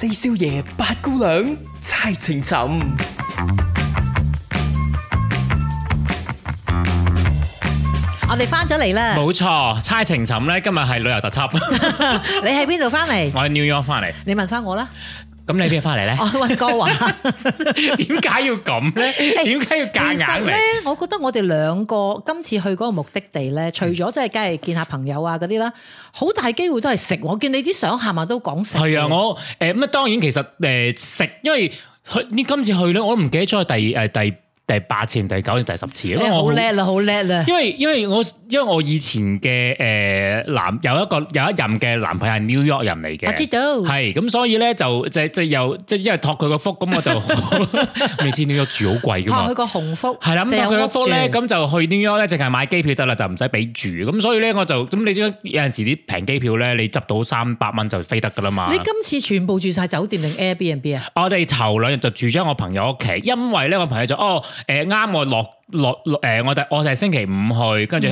四少爺、八姑娘，猜情尋。我哋翻咗嚟啦。冇錯，猜情尋咧，今日係旅遊特輯。 你喺邊度翻嚟？我喺 New York 翻嚟。你問翻我啦。咁你邊度翻嚟咧？溫哥華。點解要咁咧？點解要夾硬嚟？其實咧，我覺得我哋兩個今次去嗰個目的地咧，除咗即係梗係見下朋友啊嗰啲啦，好大機會都係食。我見你啲相下下都講食。係啊，我誒咁啊，當然其實誒食，因為去你今次去咧，我都唔記得咗係第誒第。第八次、第九次、第十次，因為我好叻啦，好叻啦。因為因為我因為我以前嘅誒男有一個有一任嘅男朋友係 New York 人嚟嘅，我知道係咁，所以咧就即就又即係因為托佢個福，咁我就未知 New York 住好貴㗎嘛。托佢個洪福係啦，咁因為佢個福咧，咁就去紐約咧，淨係買機票得啦，就唔使俾住。咁所以咧，我就咁你知有陣時啲平機票咧，你執到三百蚊就飛得㗎啦嘛。你今次全部住晒酒店定 Airbnb 啊？我哋頭兩日就住咗我朋友屋企，因為咧我朋友就哦。誒啱、呃、我落落落我哋我第星期五去，跟住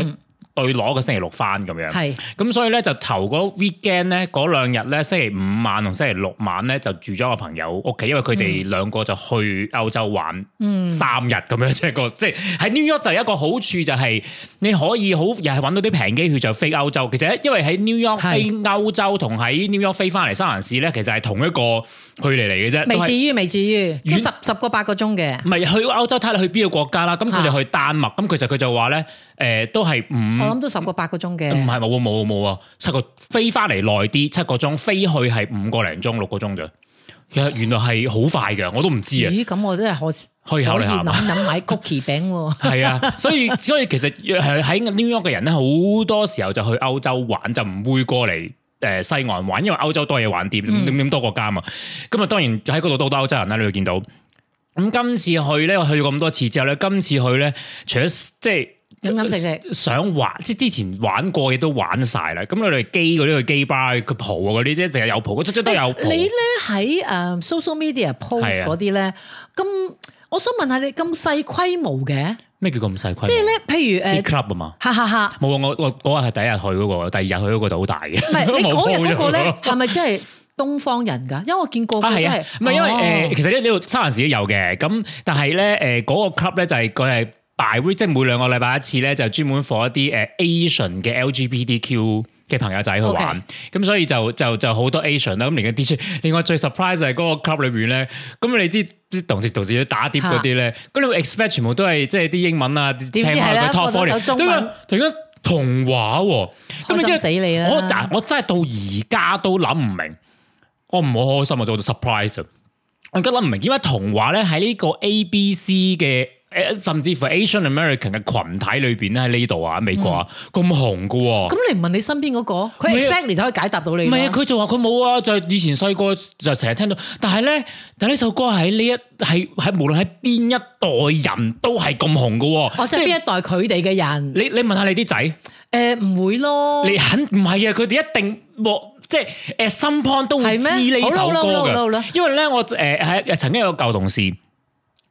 對攞個星期六翻咁、嗯、樣。係咁、嗯、所以咧就頭嗰 weekend 咧嗰兩日咧，星期五晚同星期六晚咧就住咗個朋友屋企，因為佢哋兩個就去歐洲玩、嗯、三日咁樣，即係個即係喺 New York 就，是、就一個好處就係你可以好又係搵到啲平機票，就飛歐洲。其實因為喺 New York 飛歐洲同喺 New York 飛翻嚟三藩市咧，其實係同一個。距離嚟嘅啫，未至於，未至於，都十遠十個八個鐘嘅。唔係去歐洲睇你去邊個國家啦？咁佢、啊、就去丹麥。咁其實佢就話咧，誒、呃、都係五。我諗都十個八個鐘嘅。唔係冇冇冇啊！七個飛翻嚟耐啲，七個鐘飛去係五個零鐘六個鐘咋。其實原來係好快嘅，我都唔知啊。咦？咁我真係可以可以考慮下。可以諗諗買曲奇餅喎、啊。係 啊，所以所以其實係喺 New York 嘅人咧，好多時候就去歐洲玩，就唔會過嚟。誒西岸玩，因為歐洲多嘢玩啲，點點多國家啊嘛。咁啊，當然喺嗰度都好多歐洲人啦，你會見到。咁今次去咧，我去咗咁多次之後咧，今次去咧，除咗即係飲飲食食，想玩即係之前玩過嘅都玩晒啦。咁我哋機嗰啲個機吧，佢蒲嗰啲，即係成日有蒲，個出都都有、哎。你咧喺誒 social media post 嗰啲咧，咁我想問下你咁細規模嘅？咩叫咁細圈？即係咧，譬如誒、呃、club 啊嘛，哈哈哈！冇啊，我我嗰日係第一日去嗰、那個，第二日去嗰個就好大嘅。唔係是 你嗰日嗰個咧，係咪真係東方人噶？因為我見過佢都係。唔係因為誒、呃，其實咧呢度沙蘭市都有嘅。咁但係咧誒，嗰、呃那個 club 咧就係佢係大會，即係每兩個禮拜一次咧，就專門放一啲誒 Asian 嘅 LGBTQ。呃嘅朋友仔去玩，咁 Okay. 所以就就就好多 Asian 啦。咁另外啲，另外最 surprise 係嗰個 club 裏邊咧。咁你知啲同事同事打碟嗰啲咧，咁、啊、你會 expect 全部都係即係啲英文啊？下 talk 點知係咧？我首中文，突然間童話喎、嗯。我嚇死你啊。我我真係到而家都諗唔明，我唔好開心啊！做到 surprise 啊！我而家諗唔明，點解童話咧喺呢個 A B C 嘅？誒，甚至乎 Asian American 嘅群體裏邊咧喺呢度啊，美國啊咁紅㗎，咁你唔問你身邊嗰個，佢 Exactly 就可以解答到你。唔係啊，佢就話佢冇啊，就係以前細個就成日聽到，但係咧，但呢首歌喺呢一係係無論喺邊一代人都係咁紅㗎，哦，即係邊一代佢哋嘅人。你你問下你啲仔，誒唔會咯，你肯唔係啊？佢哋一定即係誒，at some point 都會知呢首歌因為咧我誒係曾經有個舊同事。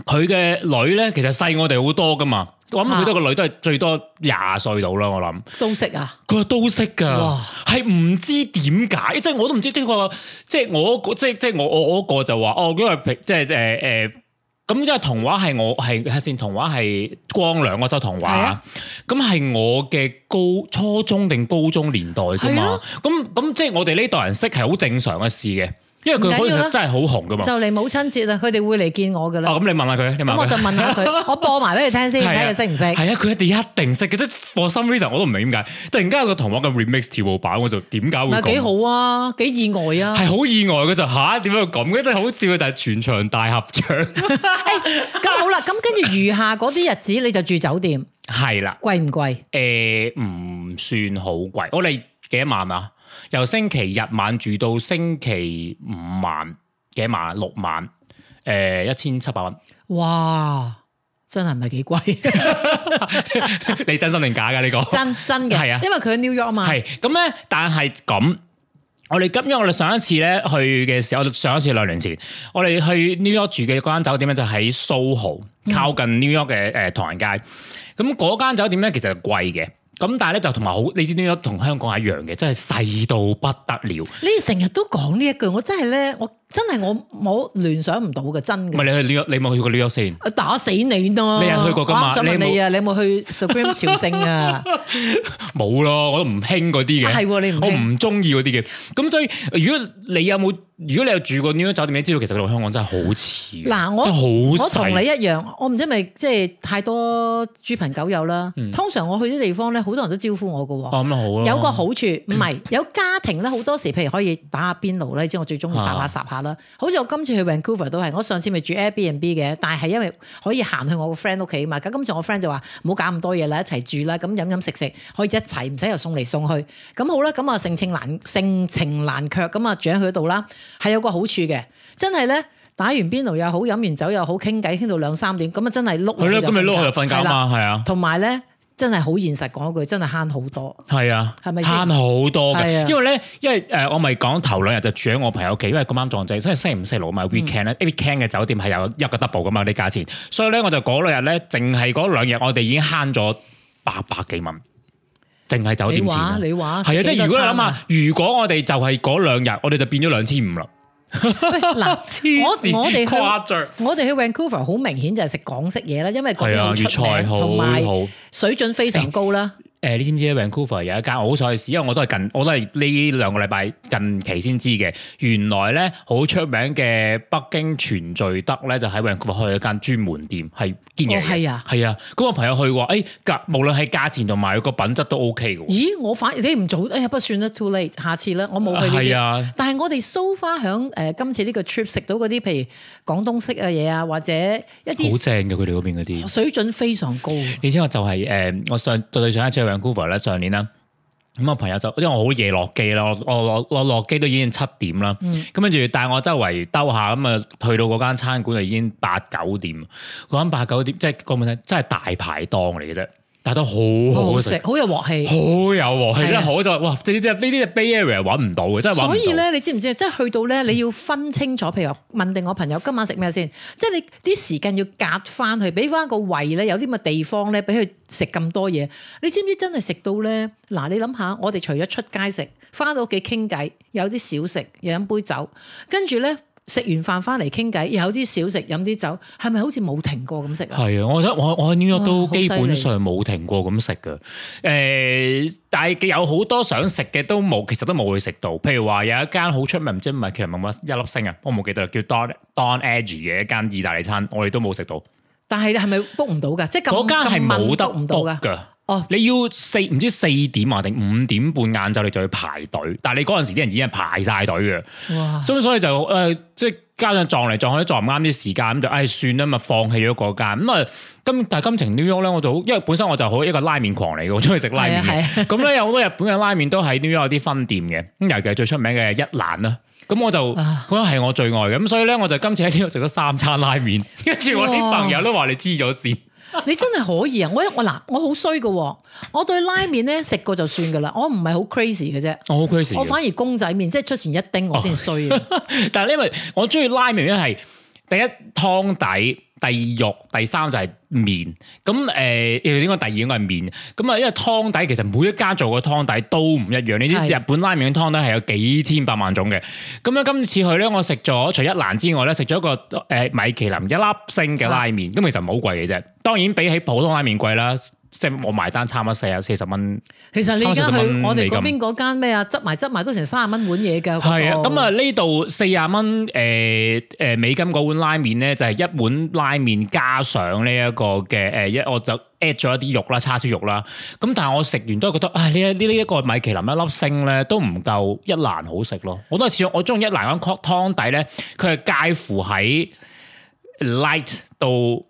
佢嘅女咧，其實細我哋好多噶嘛，啊、我諗佢多個女都係最多廿歲到啦，我諗都識啊。佢話都識噶，係唔哇知點解，即係我都唔知。即係即係我、嗰個，即係即係我我我個就話哦，因為即係誒誒，咁、呃、因為童話係我係係先，童話係光良嗰首童話，咁係、啊、我嘅高初中定高中年代噶嘛。咁咁、啊、即係我哋呢代人識係好正常嘅事嘅。因為佢嗰時真係好紅噶嘛，就嚟母親節啦，佢哋會嚟見我噶啦。哦，咁你問下佢，你問我就問下佢，我播埋俾你聽先，睇你識唔識？係啊，佢哋一定識嘅，即係《For Some Reason》我都唔明點解，突然間有個台灣嘅 Remix 跳舞版，我就點解會？唔係幾好啊，幾意外啊，係好意外嘅就吓，點解會咁嘅？好笑嘅就係全場大合唱。誒，咁好啦，咁跟住餘下嗰啲日子，你就住酒店係啦，貴唔貴？誒，唔算好貴，我哋幾萬啊？由星期日晚住到星期五晚，幾晚？六晚？誒、呃，一千七百蚊？哇！真係唔係幾貴。 你真心定假噶？呢個 真真嘅係啊，因為佢喺 New York 啊嘛。係咁咧，但係咁，我哋今，因我哋上一次咧去嘅時候，上一次兩年前，我哋去 New York 住嘅嗰間酒店咧就喺 SoHo，靠近 New York 嘅誒唐人街。咁嗰間酒店咧其實係貴嘅。咁但係咧就同埋好，你知唔知同香港一樣嘅，真係細到不得了。你成日都講呢一句，我真係咧我真係我冇聯想唔到嘅，真嘅。唔係你去 New York，你有冇去過 New York 先？打死你咯！你有去過噶嘛？我想問你啊，你有冇去 Supreme 朝聖啊？冇咯，我都唔興嗰啲嘅。係喎，你唔我唔中意嗰啲嘅。咁所以，如果你有冇，如果你有住過 New York 酒店，你知道其實嚟香港真係好似嗱，我好。我同你一樣，我唔知係咪即係太多豬朋狗友啦。通常我去啲地方咧，好多人都招呼我嘅喎。咁好啦。有個好處，唔係有家庭咧，好多時譬如可以打下邊爐咧，即我最中意烚下。好似我今次去 Vancouver 都係，我上次咪住 Airbnb 嘅，但係因為可以行去我個 friend 屋企嘛，咁今次我 friend 就話唔好搞咁多嘢啦，一齊住啦，咁飲飲食食，可以一齊，唔使又送嚟送去，咁好啦，咁啊盛情難盛情難卻，咁啊住喺佢度啦，係有個好處嘅，真係咧打完邊爐又好，飲完酒又好，傾偈傾到兩三點，咁啊真係碌。係咯，咁咪碌就瞓覺啊嘛，係啊的，同埋咧。的真係好現實，講句真係慳好多。係啊，係咪慳好多嘅是、啊？因為咧、呃，因為誒，我咪講頭兩日就住喺我朋友屋企，因為咁啱撞正，真係星期五星期六嘛。Weekend 咧，weekend 嘅酒店係有一個 double 嘅嘛啲價錢，所以咧我就嗰兩日咧，淨係嗰兩日我哋已經慳咗八百幾蚊，淨係酒店錢。你話？係啊，即係如果你諗下，如果我哋就係嗰兩日，我哋就變咗兩千五啦。喂，嗱，我我哋去，張我哋去 Vancouver 好明顯就係食港式嘢啦，因為個嘢好出名，同埋水準非常高啦。好誒、欸，你知唔知 Vancouver 有一間我好想去試，因為我都係近，我都係呢兩個禮拜近期先知嘅。原來咧，好出名嘅北京全聚德咧，就喺 Vancouver 開咗間專門店，係堅嘢嚟。係、哦、啊，係啊。咁我朋友去過，誒、欸、價無論係價錢同埋佢個品質都 OK 嘅。咦，我反而你唔做，哎、欸、呀，不算啦，too late，下次啦。我冇去呢啲係啊。啊但係我哋 So far，響誒今次呢個 trip 食到嗰啲，譬如廣東式嘅嘢啊，或者一啲好正嘅佢哋嗰邊嗰啲、哦，水準非常高。你知我就係、是、誒、呃，我上，再再上一次。Cover 咧上年啦，咁我朋友就，因為我好夜落機啦，我落我落機都已經七點啦，咁、嗯、跟住，帶我周圍兜下咁啊，去到嗰間餐館就已經八九點，點，嗰間八九點即係講畀你聽，真係大排檔嚟嘅啫。食得好好食，好有鑊氣，好有鑊氣的真係好就係哇！呢啲呢啲 Bay Area 揾唔到嘅，真係揾唔到。所以咧，你知唔知啊？即係去到咧，你要分清楚。譬如話問定我朋友今晚食咩先？即係你啲時間要隔翻去，俾翻個胃咧，有啲乜地方咧，俾佢食咁多嘢。你知唔知真係食到咧？嗱，你諗下，我哋除咗出街食，翻到屋企傾偈，有啲小食，又飲杯酒，跟住咧。食完飯翻嚟傾偈，有啲小食飲啲酒，係咪好似冇停過咁食啊？係啊，我覺得我我喺 New York 都基本上冇停過咁食㗎。誒，但係有好多想食嘅都冇，其實都冇去食到。譬如話有一間好出名，唔知唔係其實冇乜一粒星啊，我冇記得啦，叫 Don Don Angie 嘅一間意大利餐，我哋都冇食到。但係係咪 book 唔到㗎？即係嗰間係冇得 book 㗎。哦，你要四唔知四點啊定五點半晏晝，你就要排隊。但係你嗰陣時啲人已經係排晒隊嘅，咁哇所以就誒，即、呃、係加上撞嚟撞去都撞唔啱啲時間，咁就唉算啦嘛，放棄咗嗰間。咁啊，但今但係今次 New York 咧，我就好，因為本身我就好一個拉麵狂嚟嘅，我中意食拉麵。咁咧、啊啊、有好多日本嘅拉麵都喺 New York 有啲分店嘅，咁尤其係最出名嘅一蘭啦。咁我就覺得係我最愛嘅，咁所以咧我就今次喺 New York 食咗三餐拉麵，跟住我啲朋友都話你黐咗線。哇 你真係可以啊！我我嗱，我好衰噶、哦，我對拉麵咧食過就算噶啦，我唔係好 crazy 嘅啫，我好 crazy，我反而公仔麵即係出前一丁我，我先衰啊！但係因為我中意拉麵，咧係第一湯底。第二肉，第三就係麵。咁誒，應、呃、該第二應該係麵。咁啊，因為湯底其實每一家做嘅湯底都唔一樣。呢啲日本拉麵嘅湯底係有幾千百萬種嘅。咁樣，今次去咧，我食咗除一蘭之外咧，食咗一個誒米其林一粒星嘅拉麵。咁、啊、其實唔係好貴嘅啫，當然比起普通拉麵貴啦。即係我埋單差唔多四啊四十蚊，其實你而家去我哋嗰邊嗰間咩啊，執埋執埋都成三十蚊碗嘢嘅。係啊，咁啊呢度四十蚊誒誒美金嗰碗拉麵咧，就係、是、一碗拉麵加上呢一個嘅誒一，我就 add 咗一啲肉啦，叉燒肉啦。咁但係我食完都係覺得，唉呢一呢呢一個米其林一粒星咧都唔夠一蘭好食咯。我都係似我中意一蘭嗰湯底咧，佢係介乎喺 light 到。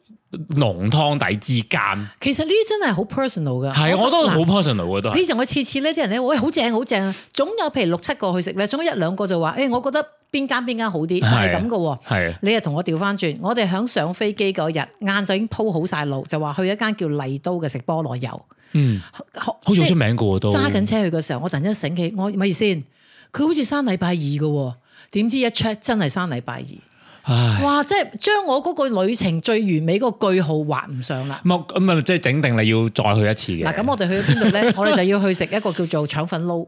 濃湯底之間，其實呢啲真係好 personal 噶，係啊，我覺得啦都好 personal 噶都。呢，平常我次次呢啲人咧，喂、哎，好正好正，總有譬如六七個去食咧，總有一兩個就話，誒、哎，我覺得邊間邊間好啲，係咁噶。係你又同我調翻轉，我哋響上飛機嗰日，晏晝已經鋪好晒路，就話去一間叫麗都嘅食菠蘿油。嗯，好似出名噶都。揸緊車去嘅時候，我突然間醒起，我咪係先，佢好似三禮拜二噶，點知一 check 真係三禮拜二。哇！即係將我嗰個旅程最完美個句號畫唔上啦。咁啊，即係整定你要再去一次嘅。嗱，咁我哋去到邊度咧？我哋就要去食一個叫做腸粉撈，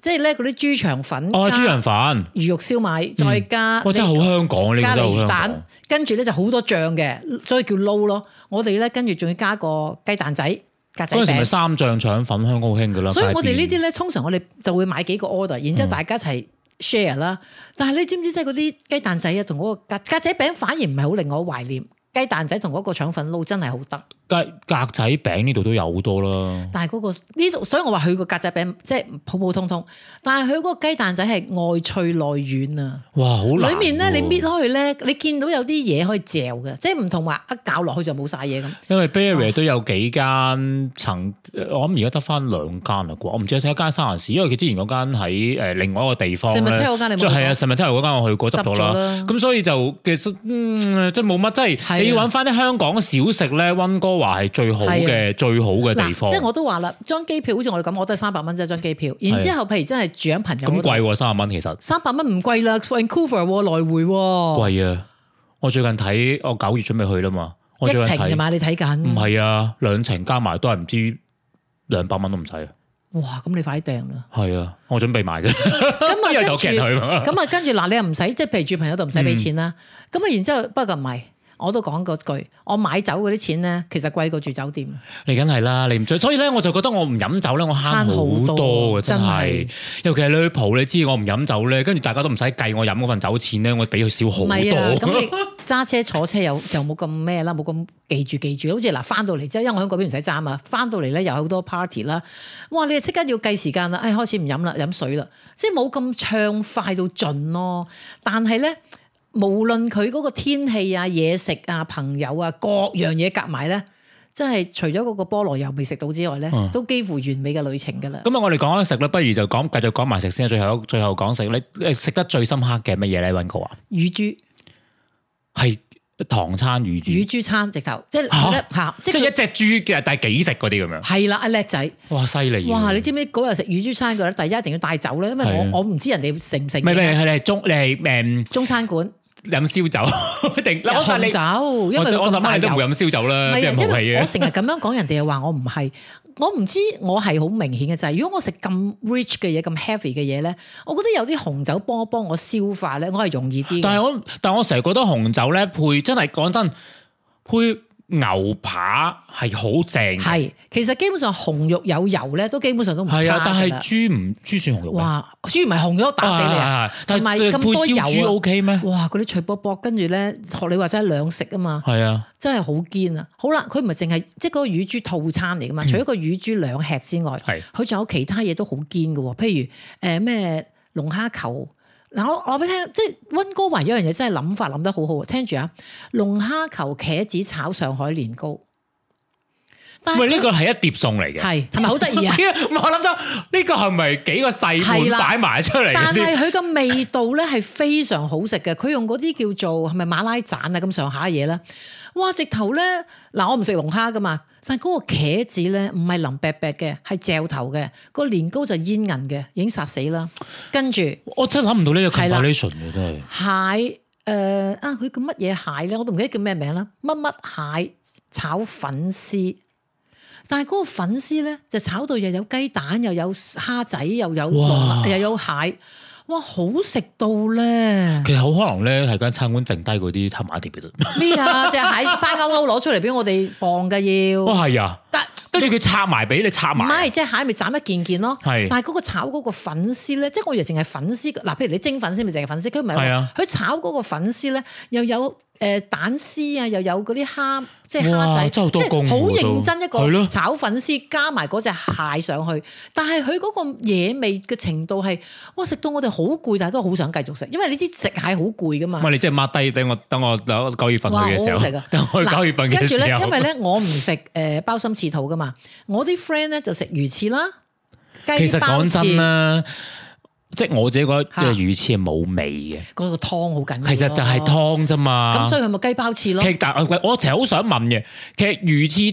即係咧嗰啲豬腸粉加豬腸粉，魚肉燒賣，再加哇，真係好香港，呢度香港。加啲魚蛋，跟住咧就好多醬嘅，所以叫撈咯。我哋咧跟住仲要加個雞蛋仔、格仔餅。嗰陣時咪三醬腸粉，香港好興噶啦。所以我哋呢啲咧，通常我哋就會買幾個 order，然之後大家一齊。share 啦，但係你知唔知即係嗰啲雞蛋仔啊，同嗰個格格仔餅反而唔係好令我懷念。雞蛋仔同嗰個腸粉撈真係好得。格仔餅呢度都有好多啦，但係嗰、那個呢度，所以我話佢個格仔餅即係、就是、普普通通，但係佢嗰個雞蛋仔係外脆內軟啊！哇，好難！裏面咧你搣開去咧，你見到有啲嘢可以嚼嘅，即係唔同話一搞落去就冇晒嘢咁。因為 Berry 都有幾間，曾哇我諗而家得翻兩間啦，我唔知係一間三藩市，因為佢之前嗰間喺誒另外一個地方即係係啊，成日嗰間我去過執咗啦。咁了所以就其實即係冇乜，即係你要揾翻啲香港小食咧，溫哥。話係最好嘅最好嘅地方，即係我都話啦，張機票好似我哋咁，我都係三百蚊一張機票。然之後，譬如真係住喺朋友，咁貴三百蚊，其實三百蚊唔貴啦，Vancouver 來回貴啊！我最近睇，我九月準備去啦嘛，我一程係嘛？你睇緊唔係啊？兩程加埋都係唔知兩百蚊都唔使啊！哇！咁你快啲訂啦！係啊，我準備買嘅。咁啊，跟住咁啊，跟住嗱，你又唔使即係譬如住朋友度唔使俾錢啦。咁啊，然之後不過唔係。我都講過句，我買酒嗰啲錢咧，其實貴過住酒店。你梗係啦，你唔醉，所以咧我就覺得我唔飲酒咧，我慳好多，多真係。尤其係你去蒲，你知我唔飲酒咧，跟住大家都唔使計我飲嗰份酒錢咧，我比佢少好多。唔係啊，咁你揸車坐車又就冇咁咩啦，冇咁記住記住，好似嗱翻到嚟之後，因為我喺嗰邊唔使揸啊，翻到嚟咧又有好多 party 啦。哇！你哋即刻要計時間啦，哎，開始唔飲啦，飲水啦，即係冇咁暢快到盡咯、啊。但係咧。無論佢嗰個天氣啊、嘢食啊、朋友啊，各樣嘢夾埋咧，真係除咗嗰個菠蘿油未食到之外咧，嗯、都幾乎完美嘅旅程噶啦。咁啊、嗯，我哋講緊食啦，不如就講繼續講埋食先。最後最後講食，你食得最深刻嘅乜嘢咧？温哥華乳豬豬係唐餐乳豬，乳豬餐直頭即係吓，即係蛤一隻豬嘅，但係幾食嗰啲咁樣。係啦、啊，阿叻仔，哇犀利！啊、哇，你知唔知嗰日食乳豬餐嘅咧？第一,一定要帶走咧，因為我我唔知人哋食唔食。係係，佢係中，佢係誒中餐館。飲燒酒定飲紅酒，因為我阿媽都唔會飲燒酒啦，即係唔係嘅？我成日咁樣講，人哋又話我唔係，我唔知我係好明顯嘅就係，如果我食咁 rich 嘅嘢、咁 heavy 嘅嘢咧，我覺得有啲紅酒幫一幫我消化咧，我係容易啲。但係我，但我成日覺得紅酒咧，配真係講真，配。牛扒係好正，係其實基本上紅肉有油咧，都基本上都唔差。啊，但係豬唔豬算紅肉咩？哇，豬唔係紅咗打死你啊！唔係咁多油，豬 OK 咩？哇，嗰啲脆卜卜，跟住咧學你話齋兩食啊嘛，係啊的，真係好堅啊！好啦，佢唔係淨係即係嗰個乳豬套餐嚟噶嘛，嗯、除咗個乳豬兩吃之外，係佢仲有其他嘢都好堅嘅喎，譬如誒咩、呃、龍蝦球。嗱，我我俾你聽，即係溫哥華有一樣嘢真係諗法諗得好好，聽住啊，龍蝦球茄子炒上海年糕。但呢個係一碟餸嚟嘅，係，係咪好得意啊！ 我諗得，呢個係咪幾個細盤擺埋出嚟？但係佢嘅味道咧係非常好食嘅。佢 用嗰啲叫做係咪馬拉盞啊咁上下嘢啦。哇！嘩直頭咧嗱，我唔食龍蝦噶嘛，但係嗰個茄子咧唔係腍白白嘅，係嚼頭嘅。個年糕就煙韌嘅，已經殺死啦。跟住我真諗唔到呢個 combination 嘅真係蟹誒啊！佢叫乜嘢蟹咧，我都唔記得叫咩名啦。乜乜蟹炒粉絲。但係嗰個粉絲咧就炒到又有雞蛋又有蝦仔又有哇又有蟹，哇！好食到咧。其實好可能咧係間餐館剩低嗰啲插埋一碟嘅啫。咩、哦、啊？隻但蟹生勾勾攞出嚟俾我哋磅嘅要。哦係啊。但跟住佢插埋俾你插埋。即係，隻蟹咪斬一件件咯。係是。但係嗰個炒嗰個粉絲咧，即係我以為淨係粉絲嗱，譬如你蒸粉絲咪淨係粉絲，佢唔係。係啊。佢炒嗰個粉絲咧又有。誒，蛋絲啊，又有嗰啲蝦，即係蝦仔，即係好認真一個炒粉絲，的加埋嗰隻蟹上去。但係佢嗰個野味嘅程度係，我食到我哋好攰，但係都好想繼續食，因為你知食蟹好攰噶嘛。唔係你即係抹低等我等我九月份嘅時候，等我九月份嘅時候。因為咧， 我唔食誒鮑參翅肚噶嘛，我啲 friend 咧就食魚翅啦，其實講真啦。即係我自己覺得魚翅係冇味嘅，嗰、啊嗰個湯好緊要。其實就係湯啫嘛。咁所以佢咪雞包翅咯？其但我成日好想問嘅，其實魚翅湯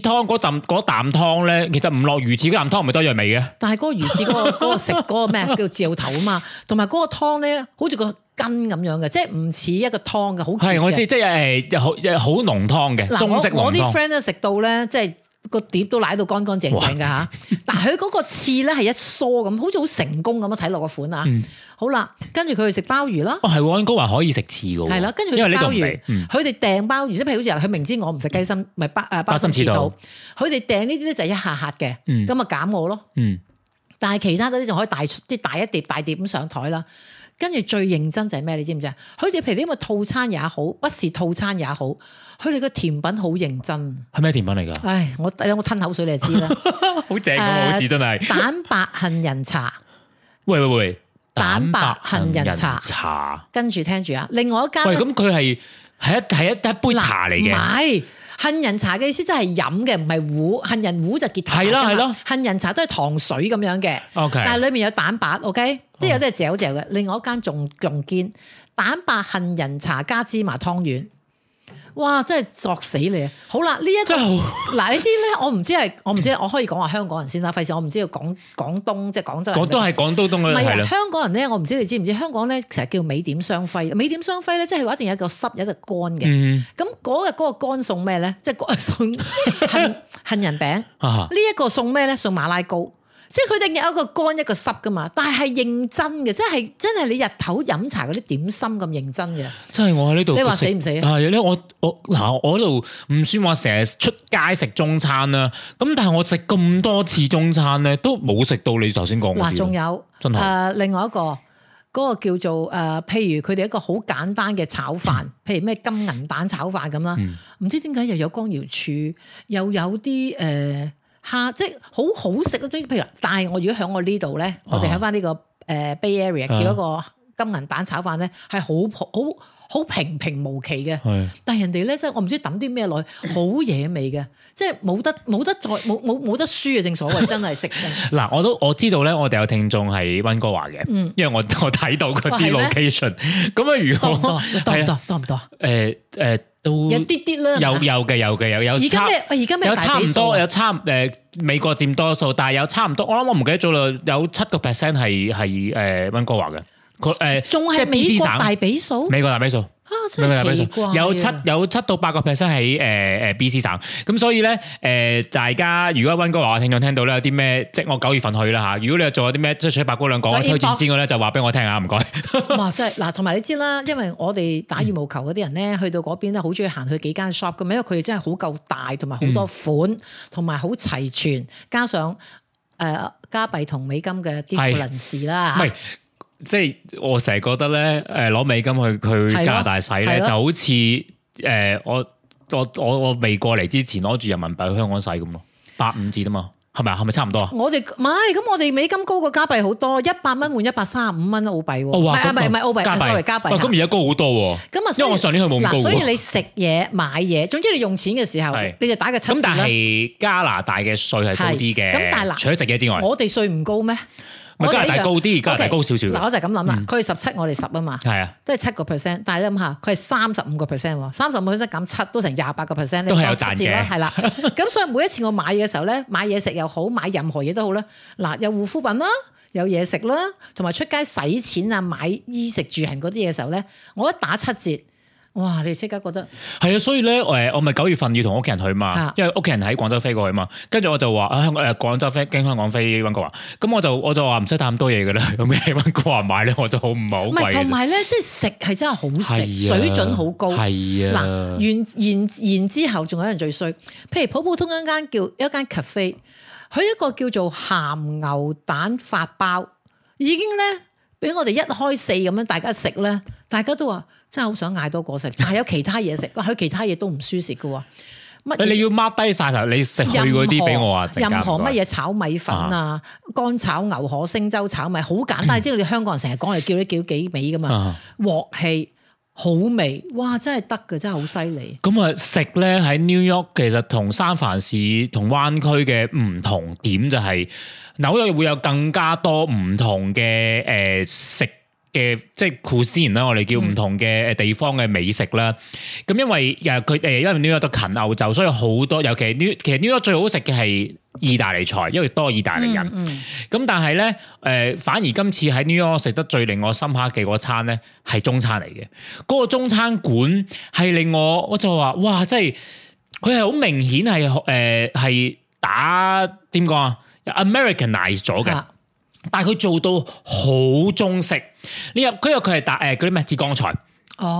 嗰啖啖湯咧，其實唔落魚翅嗰啖湯唔係多樣味嘅。但係嗰個魚翅嗰、那個、 個食嗰個咩叫做照頭啊嘛？同埋嗰個湯咧，好似個羹咁樣嘅，即係唔似一個湯嘅，好係我知，即係誒好好濃湯嘅。我我啲 friend 都食到咧，即係。個碟都舐到乾乾淨淨噶吓，但係佢嗰個翅咧係一梳咁，好似好成功咁啊！睇落個款啊，嗯、好啦，跟住佢哋食鮑魚啦。哦，係喎，溫哥華可以食翅嘅喎。係啦，跟住佢鮑魚，佢哋、哦嗯、訂鮑魚，即係好似佢明知我唔食雞心，咪鮑啊鮑參翅肚，佢哋訂呢啲咧就一客客嘅，咁啊減我咯。嗯，嗯但係其他嗰啲就可以大啲大一碟大一碟咁上台啦。跟住最認真就係咩？你知唔知啊？好似譬如啲咁套餐也好，不是套餐也好，佢哋個甜品好認真。係咩甜品嚟噶？唉，我我吞口水你就知啦。 好正咁啊，呃、好似真係。蛋白杏仁茶。喂喂喂！蛋白杏仁茶茶。茶，跟住聽住啊！另外一間。喂，咁佢係係一係一一杯茶嚟嘅。唔係。杏仁茶嘅意思即係飲嘅，唔係糊。杏仁糊就結塊噶嘛。杏仁茶都係糖水咁樣嘅，Okay. 但係裏面有蛋白，OK，, okay. 即係有啲係嚼嚼嘅。另外一間仲仲堅蛋白杏仁茶加芝麻湯圓。哇！真係作死你啊！好啦，呢、這、一、個、真嗱，你知咧，我唔知係我唔知， 我可以講話香港人先啦。費事我唔知道廣廣東即係廣州。廣東係廣都東啦，係香港人咧，是的 我唔知你知唔知？香港咧成日叫美點雙輝，美點雙輝咧，即係話一定有一個濕，有一個乾嘅。嗯、那個，咁嗰日嗰個乾送咩咧？即係送杏杏仁餅。呢一 個送咩咧？送馬拉糕。即係佢哋有一個乾一個濕噶嘛，但係認真嘅，即係真係你日頭飲茶嗰啲點心咁認真嘅。即係我喺呢度，你話死唔死啊？係咧，我我嗱，我喺度唔算話成日出街食中餐啦、啊。咁但係我食咁多次中餐咧，都冇食到你頭先講話，仲有，誒的、呃，另外一個嗰、那個叫做誒、呃，譬如佢哋一個好簡單嘅炒飯，嗯、譬如咩金銀蛋炒飯咁啦，唔、嗯、知點解又有光瑤柱，又有啲誒。呃。哈！即係好好食啊，即譬如，但係我如果喺我呢度咧，啊、我哋喺翻呢個誒 Bay、呃、Area 叫一個金銀蛋炒飯咧，係好好好平平無奇嘅。係是，但係人哋咧即係我唔知揼啲咩落去，好惹味嘅，即係冇得冇得再冇冇冇得輸啊。正所謂真係食嘅。嗱， 我都我知道咧，我哋有聽眾係溫哥華嘅，因為我我睇到佢啲 location。咁啊、嗯，哦、如果多唔多，多，多，多？多唔多？多唔多？都有啲啲啦，有有嘅有嘅有有。而家咩？而家咩大比數？有差唔多，有差誒、呃、美國佔多數，但係有差唔多。我諗我唔記得咗啦，有七個 percent 係係誒溫哥華嘅，佢誒仲係美國大比數，美國大比數。啊，真係奇怪、啊、有七有七到八個 percent 喺誒誒 B、C 省，咁、呃呃、所以咧誒、呃，大家如果溫哥華聽眾聽到咧，有啲咩即我九月份去啦嚇、啊，如果你有做咗啲咩，即除白姑娘講個推薦之外咧，就話俾我聽啊，唔該。哇，即係嗱，同埋你知啦，因為我哋打羽毛球嗰啲人咧，嗯、去到嗰邊咧，好中意行去幾間 shop 咁樣，因為佢哋真係好夠大，同埋好多款，同埋好齊全，加上誒、呃、加幣同美金嘅 difference 啦嚇。是即係我成日覺得咧，誒、呃，攞美金去去加拿大使咧，了就好似誒、呃，我我我我未過嚟之前攞住人民幣去香港使咁咯，八五折嘛，係咪啊？係咪差唔多？ 我哋唔係，咁我哋美金高過加幣好多，一百蚊換一百三十五蚊澳幣。我話唔係唔係澳幣，加幣。咁而家高好多，啊。咁啊， 因為我上年去冇咁高所。所以你食嘢買嘢，總之你用錢嘅時候，是你就打個七折啦。咁但係加拿大嘅稅係高啲嘅。咁但係除咗食嘢之外，我哋稅唔高咩？我而家高啲，而家係高少少。嗱 Okay,、嗯，我就咁諗啦，佢係十七，我哋十啊嘛，係啊，即係七個 percent。但係你諗下，佢係三十五個 percent，三十五 percent 減七，都成廿八個 percent 都咧，有七折啦，係啦。咁所以每一次我買嘢嘅時候咧，買嘢食又好，買任何嘢都好啦。嗱，有護膚品啦，有嘢食啦，同埋出街使錢啊，買衣食住行嗰啲嘢嘅時候咧，我一打七折。哇！你即刻覺得係啊，所以咧，誒，我咪九月份要同屋企人去嘛，啊、因為屋企人喺廣州飛過去嘛，跟住我就話啊，廣州飛經香港飛温哥華，咁我就我就話唔使帶咁多嘢嘅啦，有咩喺温哥華買咧，我就好唔好。同埋咧，即係食係真係好食，啊、水準好高。係啊，嗱，然然然之後仲有人最衰，譬如普普通通一間叫一間 cafe，佢一個叫做鹹牛蛋發包，已經咧俾我哋一開四咁樣大家食咧，大家都話。真係好想嗌多個食，但係有其他嘢食。佢其他嘢都唔輸蝕嘅喎。乜？你你要抹低晒頭，你食佢嗰啲俾我啊！任何乜嘢炒米粉啊，乾、啊、炒牛河、星洲炒米，好簡單。即係我哋香港人成日講嚟叫你叫幾味嘅嘛，鑊氣好味，哇！真係得嘅，真係好犀利。咁啊，食咧喺 New York 其實同三藩市同灣區嘅唔同點就係紐約會有更加多唔同嘅誒、呃、食。嘅即係 cuisine 啦，我哋叫唔同嘅地方嘅美食啦。咁、嗯、因為又佢誒，因為紐約都近歐洲，所以好多尤其係 New 其實 New York 最好食嘅係意大利菜，因為多意大利人。咁、嗯嗯、但係咧，誒、呃、反而今次喺 New York 食得最令我深刻嘅嗰餐咧，係中餐嚟嘅。嗰、那個中餐館係令我我就話：「哇！真係，佢係好明顯，係誒係打點講啊 Americanize 咗嘅，但係佢做到好中式。你入，佢又佢係大誒，嗰啲咩浙江菜，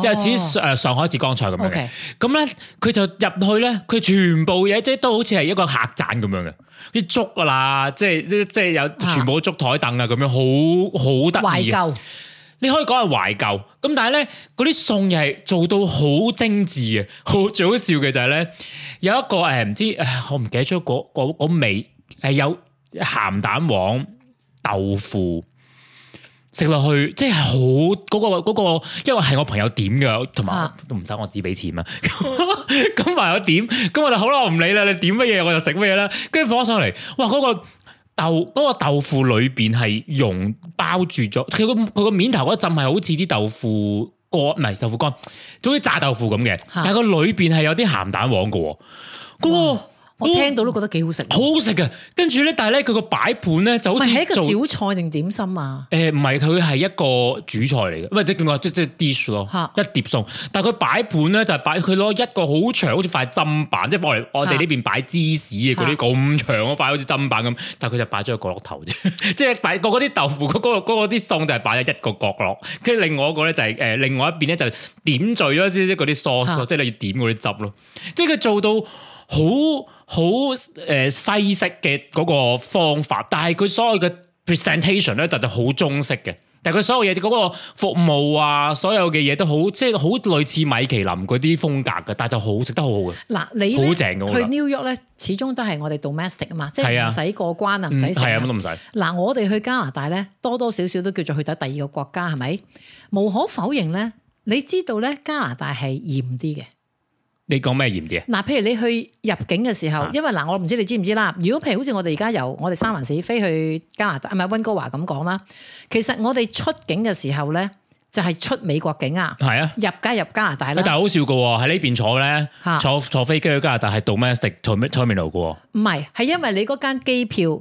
即係似誒上海浙江菜咁樣，、哦 okay、樣。咁咧，佢就入去咧，佢全部嘢，即係都好似係一個客棧咁樣嘅，啲竹噶、啊、啦，即係即係有全部竹台凳啊，咁樣好好得意。懷舊，懷舊你可以講係懷舊。咁但係咧，嗰啲餸又係做到好精緻嘅。好最好笑嘅就係、是、咧，有一個誒唔知誒，我唔記得咗嗰嗰嗰味係有鹹蛋黃豆腐。豆腐食落去，即係好嗰、嗰個、嗰個，因為係我朋友點嘅，同埋都唔使我自己俾錢啊！咁咁朋友點，咁我就好啦，我唔理啦，你點乜嘢我就食乜嘢啦。跟住放咗上嚟，哇！嗰、嗰個豆嗰、嗰個、豆腐裏邊係溶包住咗，佢佢個面頭嗰浸係好似啲豆腐乾，唔係豆腐乾，好似炸豆腐咁嘅，啊、但係個裏邊係有啲鹹蛋黃嘅喎，嗰個我聽到都覺得幾好食、嗯，好好食嘅。跟住咧，但係咧佢個擺盤咧就好似係一個小菜定點心啊？誒、呃，唔係佢係一個主菜嚟嘅，即係點講，即、就、即、是就是、dish 咯哈，一碟餸。但係佢擺盤咧就係、是、擺佢攞一個好長，好似塊砧板，即係我哋我哋呢邊擺芝士嘅嗰啲咁長嘅塊，好似砧板咁。但係佢就擺咗個角落頭啫，即係擺個嗰啲豆腐嗰、那個啲餸、那個那個、就係擺喺一個角落，跟住另外一個咧就係、是、誒另外一邊咧就點綴咗啲即嗰啲 sauce 咯即係你要點嗰啲汁咯，即係佢做到。好好誒、呃、西式嘅嗰個方法，但係佢所，所有嘅 presentation 咧就就好中式嘅，但係佢所有嘢嗰個服務啊，所有嘅嘢都好即係好類似米其林嗰啲風格嘅，但係就好食得好好嘅。嗱、啊，你好正去 New York 咧，始終都係我哋 domestic 啊嘛，即係唔使過關啊，唔使食啊，乜都唔使。嗱，我哋去加拿大咧，多多少少都叫做去到第二個國家係咪？無可否認咧，你知道咧，加拿大係嚴啲嘅。你講咩嚴啲啊？嗱，譬如你去入境嘅時候，因為嗱，我唔知你知唔知啦。如果譬如好似我哋而家由我哋三藩市飛去加拿大，係咪温哥華咁講啦。其實我哋出境嘅時候咧，就係出美國境啊。係啊，入街入加拿大啦。但係好笑嘅喎，喺呢邊坐咧，坐坐飛機去加拿大係 domestic terminal 嘅喎。唔係，係因為你嗰間機票。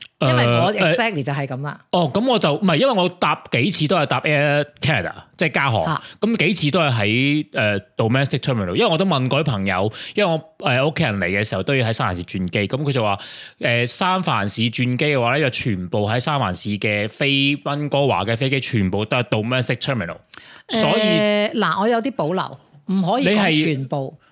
因為我 exactly 就係咁啦。哦，咁我就唔係，因為我搭幾次都係搭 Air Canada，即係加航。咁、啊、幾次都係喺誒、呃、domestic terminal，因為我都問過啲朋友，因為我誒屋企人嚟嘅時候都要喺三藩市轉機，咁佢就、呃、話誒三藩市轉機嘅話咧，就全部喺三藩市嘅飛溫哥華嘅飛機，全部都係 domestic terminal。所以嗱、呃呃，我有啲保留，唔可以講全部。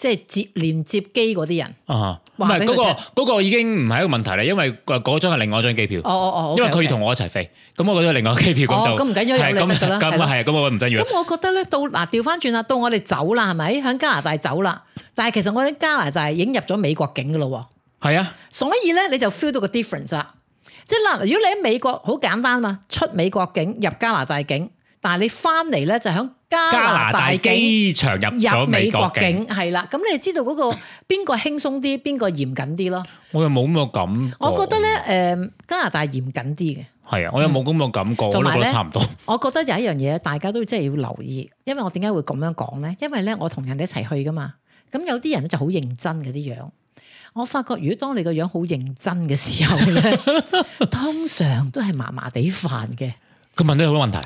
即係接連接機嗰啲人，唔係嗰個已經唔係一個問題啦，因為嗰張係另外一張機票，oh, oh, okay, okay. 因為佢要同我一齊飛，咁我嗰張另外機票咁、oh, 就係咁啊，係啊，咁我唔緊要。咁我覺得咧，到嗱掉返轉啦，到我哋走啦，係咪喺加拿大走啦？但係其實我喺加拿大已經入咗美國境嘅咯喎。係啊的，所以咧你就 feel 到個 difference 啦，即係嗱，如果你喺美國好簡單啊嘛，出美國境入加拿大境。但係你翻嚟咧，就喺加拿大機場入咗美國境，係啦的。咁 你知道嗰個邊個輕鬆啲，邊個 嚴謹啲咯？我又冇咁嘅感覺。嗯、我覺得咧，誒加拿大嚴謹啲嘅。係啊，我又冇咁嘅感覺，我覺得差唔多。我覺得有一樣嘢，大家都真係要留意，因為我點解會咁樣講咧？因為咧，我同人哋一齊去噶嘛。咁有啲人咧就好認真嘅啲樣，我發覺如果當你個樣好認真嘅時候咧， 通常都係麻麻地煩嘅。佢問你好多問題。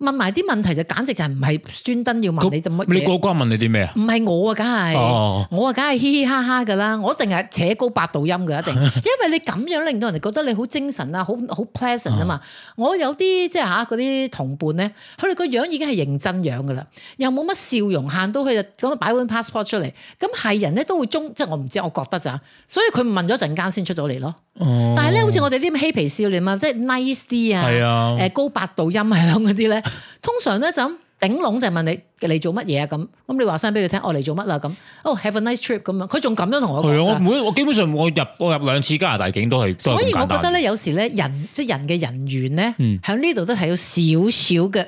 問埋啲問題就簡直就係唔係專登要問你做乜你過關問你啲咩啊？唔係我啊，梗係，哦、我啊梗係嘻嘻哈哈噶啦，我一定係扯高八度音嘅一定，因為你咁樣令到人哋覺得你好精神、哦就是、啊，好好 pleasant 啊嘛。我有啲即係嚇嗰啲同伴咧，佢哋個樣已經係認真樣噶啦，又冇乜笑容，行到佢就咁擺本 passport 出嚟，咁係人咧都會中，即係我唔知，我覺得咋，所以佢問咗陣間先出咗嚟咯。但係咧， 好似我哋啲咁嬉皮笑臉啊，即係 nice 啊，誒高八度音係嗰啲咧，通常咧就咁頂籠就係問你嚟做乜嘢啊？咁咁你話聲俾佢聽，我嚟做乜啦？咁哦，have a nice trip 咁樣，佢仲咁樣同我講。我每我基本上我入我入兩次加拿大境都係，都所以我覺得咧有時咧人即係人嘅人緣咧，喺呢度都係有少少嘅。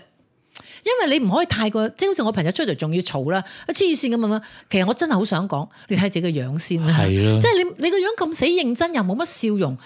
因為你唔可以太過，即係好似我朋友出嚟仲要嘈啦，啊黐線咁問啦。其實我真係好想講，你睇自己個樣先啦。係咯是、啊，即係你你個樣咁死認真又冇乜笑容，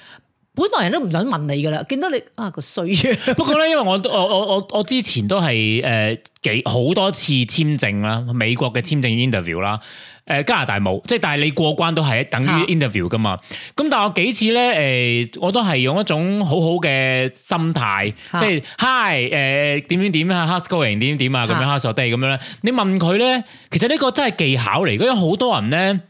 本來人都唔想問你噶啦。見到你啊個衰嘅。 不過咧，因為我我我我我之前都係誒、呃、幾好多次簽證啦，美國嘅簽證 interview 啦。誒加拿大冇，即係但係你過關都係等於 interview 噶嘛，咁、啊、但係我幾次咧誒、呃，我都係用一種好好嘅心態，啊、即係 hi 誒點點點啊，how's going 點點點啊，咁樣 how's your day 咁樣咧，你問佢咧，其實呢個真係技巧嚟，因為好多人咧，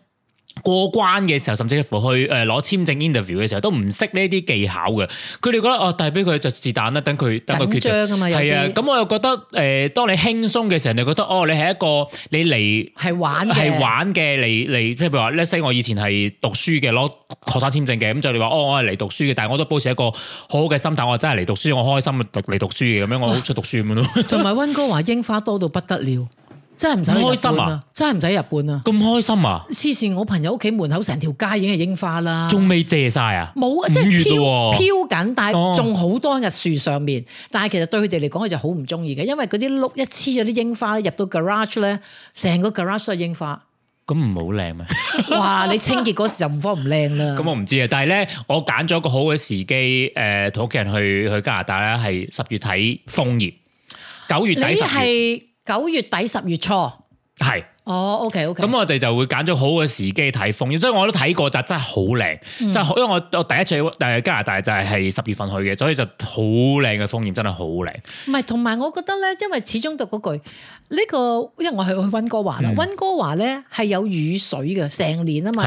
過關嘅時候，甚至乎去誒攞、呃、簽證 interview 嘅時候，都唔識呢啲技巧嘅。佢哋覺得哦，遞俾佢就自彈啦，等佢等佢決定。緊張啊嘛，有啲係咁、啊嗯、我又覺得誒、呃，當你輕鬆嘅時候，你覺得哦，你係一個你嚟係玩係玩嘅嚟嚟，譬如話，Leslie，我以前係讀書嘅，攞學生簽證嘅，咁就你話哦，我係嚟讀書嘅，但係我都保持一個好好嘅心態，但我真係嚟讀書，我開心啊，嚟讀書嘅咁樣，呃、我好出讀書咁咯。同埋溫哥華櫻花多到不得了。 真係唔使日本，真係唔使日本啊！咁開心啊！黐線，我朋友屋企門口成條街已經係櫻花啦，仲未謝晒啊！冇啊，五月嘅喎，飄緊，但係仲好多喺樹上面。但係其實對佢哋嚟講，佢就好唔中意嘅，因為嗰啲碌一黐咗啲櫻花咧，入到 garage 咧，成個 garage 都係櫻花。咁唔好靚咩？哇！你清潔嗰時就唔方唔靚啦。咁我唔知啊，但係咧，我揀咗個好嘅時機，誒，同屋企人去去加拿大咧，係十月睇楓葉，九月底十。九月底十月初，係是，哦、oh,，OK OK，咁我哋就會揀咗好嘅時機睇楓葉，所以我都睇過，就真係好靚，就、嗯、因為我我第一次，去係加拿大就係係十月份去嘅，所以就好靚嘅楓葉，真係好靚。唔係、嗯，同埋我覺得咧，因為始終就嗰句，呢、這個因為我係去溫哥華啦，溫、嗯、哥華咧係有雨水嘅，成年啊嘛。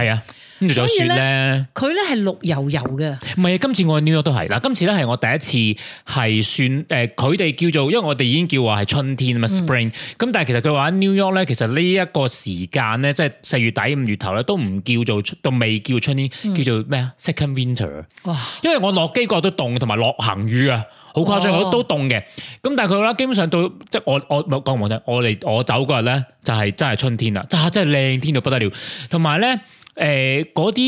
跟住再雪咧，佢咧係綠油油嘅。唔係啊，今次我去 New York 都係嗱，今次咧係我第一次係算誒，佢、呃、哋叫做，因為我哋已經叫話係春天啊嘛，spring。咁、嗯、但係其實佢話喺 New York 咧，其實呢一個時間咧，即係四月底五月頭咧，都唔叫做都未叫春天，嗯、叫做咩啊？Second winter。哇！因為我落機嗰日都凍，同埋落行雨啊，好誇張，哦、都凍嘅。咁但係佢話基本上到即係我我講冇聽，我哋我，我，我走嗰日咧就係真係春天啦，啊，真係真係靚天到不得了，同埋咧。誒嗰啲，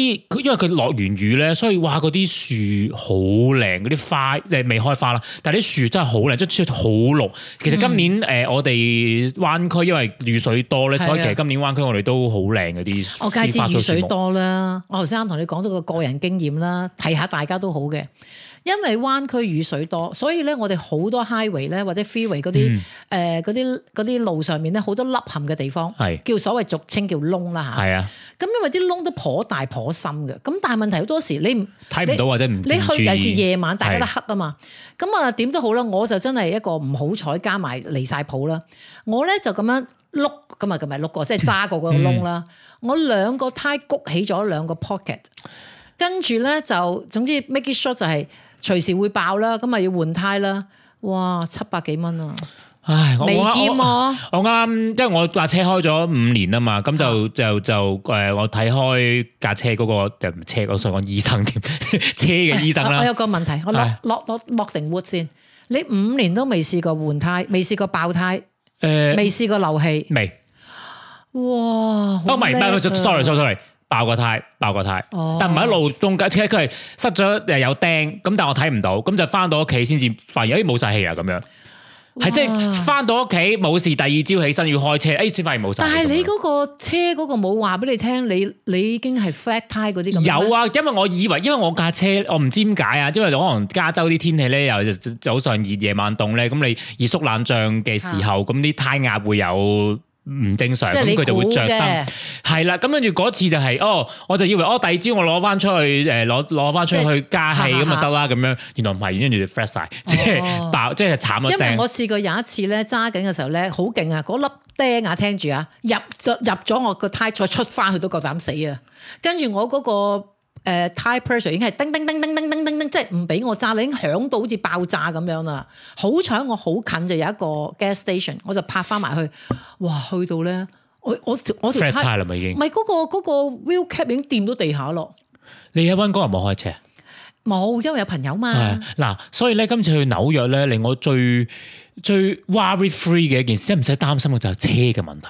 因為佢落完雨咧，所以哇嗰啲樹好靚，嗰啲花誒未開花啦，但係啲樹真係好靚，即係樹好綠。其實今年誒、嗯呃、我哋灣區因為雨水多咧，所以其實今年灣區我哋都好靚嗰啲。是啊、樹我介之雨水多啦，我頭先啱同你講咗個個人經驗啦，睇下大家都好嘅。因為灣區雨水多，所以咧我哋好多 highway 咧或者 freeway 嗰啲誒啲啲路上面咧好多凹陷嘅地方，是叫所謂俗稱叫窿啦嚇。係啊，咁因為啲窿都頗大頗深嘅，咁但係問題好多時你睇唔到或者唔你去，尤其是夜晚大家都黑啊嘛，咁啊點都好啦，我就真係一個唔好彩加埋離晒譜啦。我咧就咁樣碌咁啊，咁咪碌過即係揸過個窿啦。嗯、我兩個胎谷起咗兩個 pocket，跟住咧就總之 make short 就係、是。隨時會爆啦，咁咪要換胎啦！哇，七百幾蚊啊！唉，我未見我，我啱，因為我架車開咗五年啦嘛，咁就就就誒、呃，我睇開架車嗰、嗰個車，我想講醫生添，車嘅醫生啦。我有個問題，我落落落定活先，你五年都未試過換胎，未試過爆胎，誒、呃，未試過漏氣，未。哇！哦唔係，sorry，sorry，sorry。Oh, not, sorry, sorry, 爆個胎，爆個胎，哦、但唔係一路中架車佢係塞咗，誒有釘，咁但係我睇唔到，咁就翻到屋企先至發現已冇晒氣啦咁樣，係哇即係翻到屋企冇事，第二朝起身要開車，誒、欸，先發現冇晒。但係你嗰個車嗰個冇話俾你聽，你你已經係 flat tire 嗰啲。有啊，因為我以為因為我架車我唔知點解啊，因為可能加州啲天氣咧又早上熱夜晚凍咧，咁你熱縮冷脹嘅時候，咁啲、啊、胎壓會有。唔正常咁佢就會着燈，係啦，咁跟住嗰次就係、是，哦，我就以為，哦，第二朝我攞翻出去，誒、啊，攞攞翻出去是加氣咁就得啦，咁樣，原來唔係，跟住甩曬，哦、即係爆，即、就、係、是、慘一釘。因為我試過有一次咧揸緊嘅時候咧，好勁啊！嗰粒釘啊，聽住啊，入入咗我個胎，再出翻去都夠膽死啊！跟住我嗰、那個，誒，tyre pressure 已經係叮，叮叮叮叮叮叮叮叮，即係唔俾我炸，你已經響到好似爆炸咁樣啦。好彩我好近就有一個 gas station，我就拍翻埋去。哇，去到咧，我我我條胎裂啦嘛已經，唔係嗰個、那個、wheel cap 已經掂到地下咯。你喺溫哥華冇開車？冇、啊，因為有朋友嘛。嗱，所以咧，今次去紐約咧，令我最最 worry-free 嘅一件事，即係唔使擔心嘅就係車嘅問題，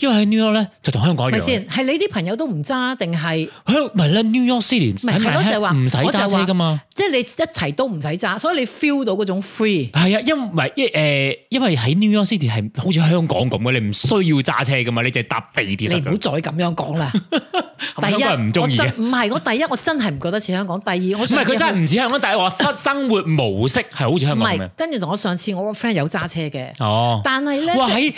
因為喺 New York 咧就同香港一樣。咪先係你啲朋友都唔揸定係？香唔係咧？New York City 係咪係咯？就係話唔使揸車噶嘛，即係你一齊都唔使揸，所以你 feel 到嗰種 free。係啊，因為誒，因為喺 New York City 係好似香港咁嘅，你唔需要揸車噶嘛，你就係搭地鐵。你唔好再咁樣講啦，香港人唔中意嘅。唔係，我第一我真係唔覺得似香港，第二我唔係佢真係唔似香港，第一話生生活模式係好似香港嘅咩？跟住同我上次我個 friend 有。揸車嘅，但係咧，哇即係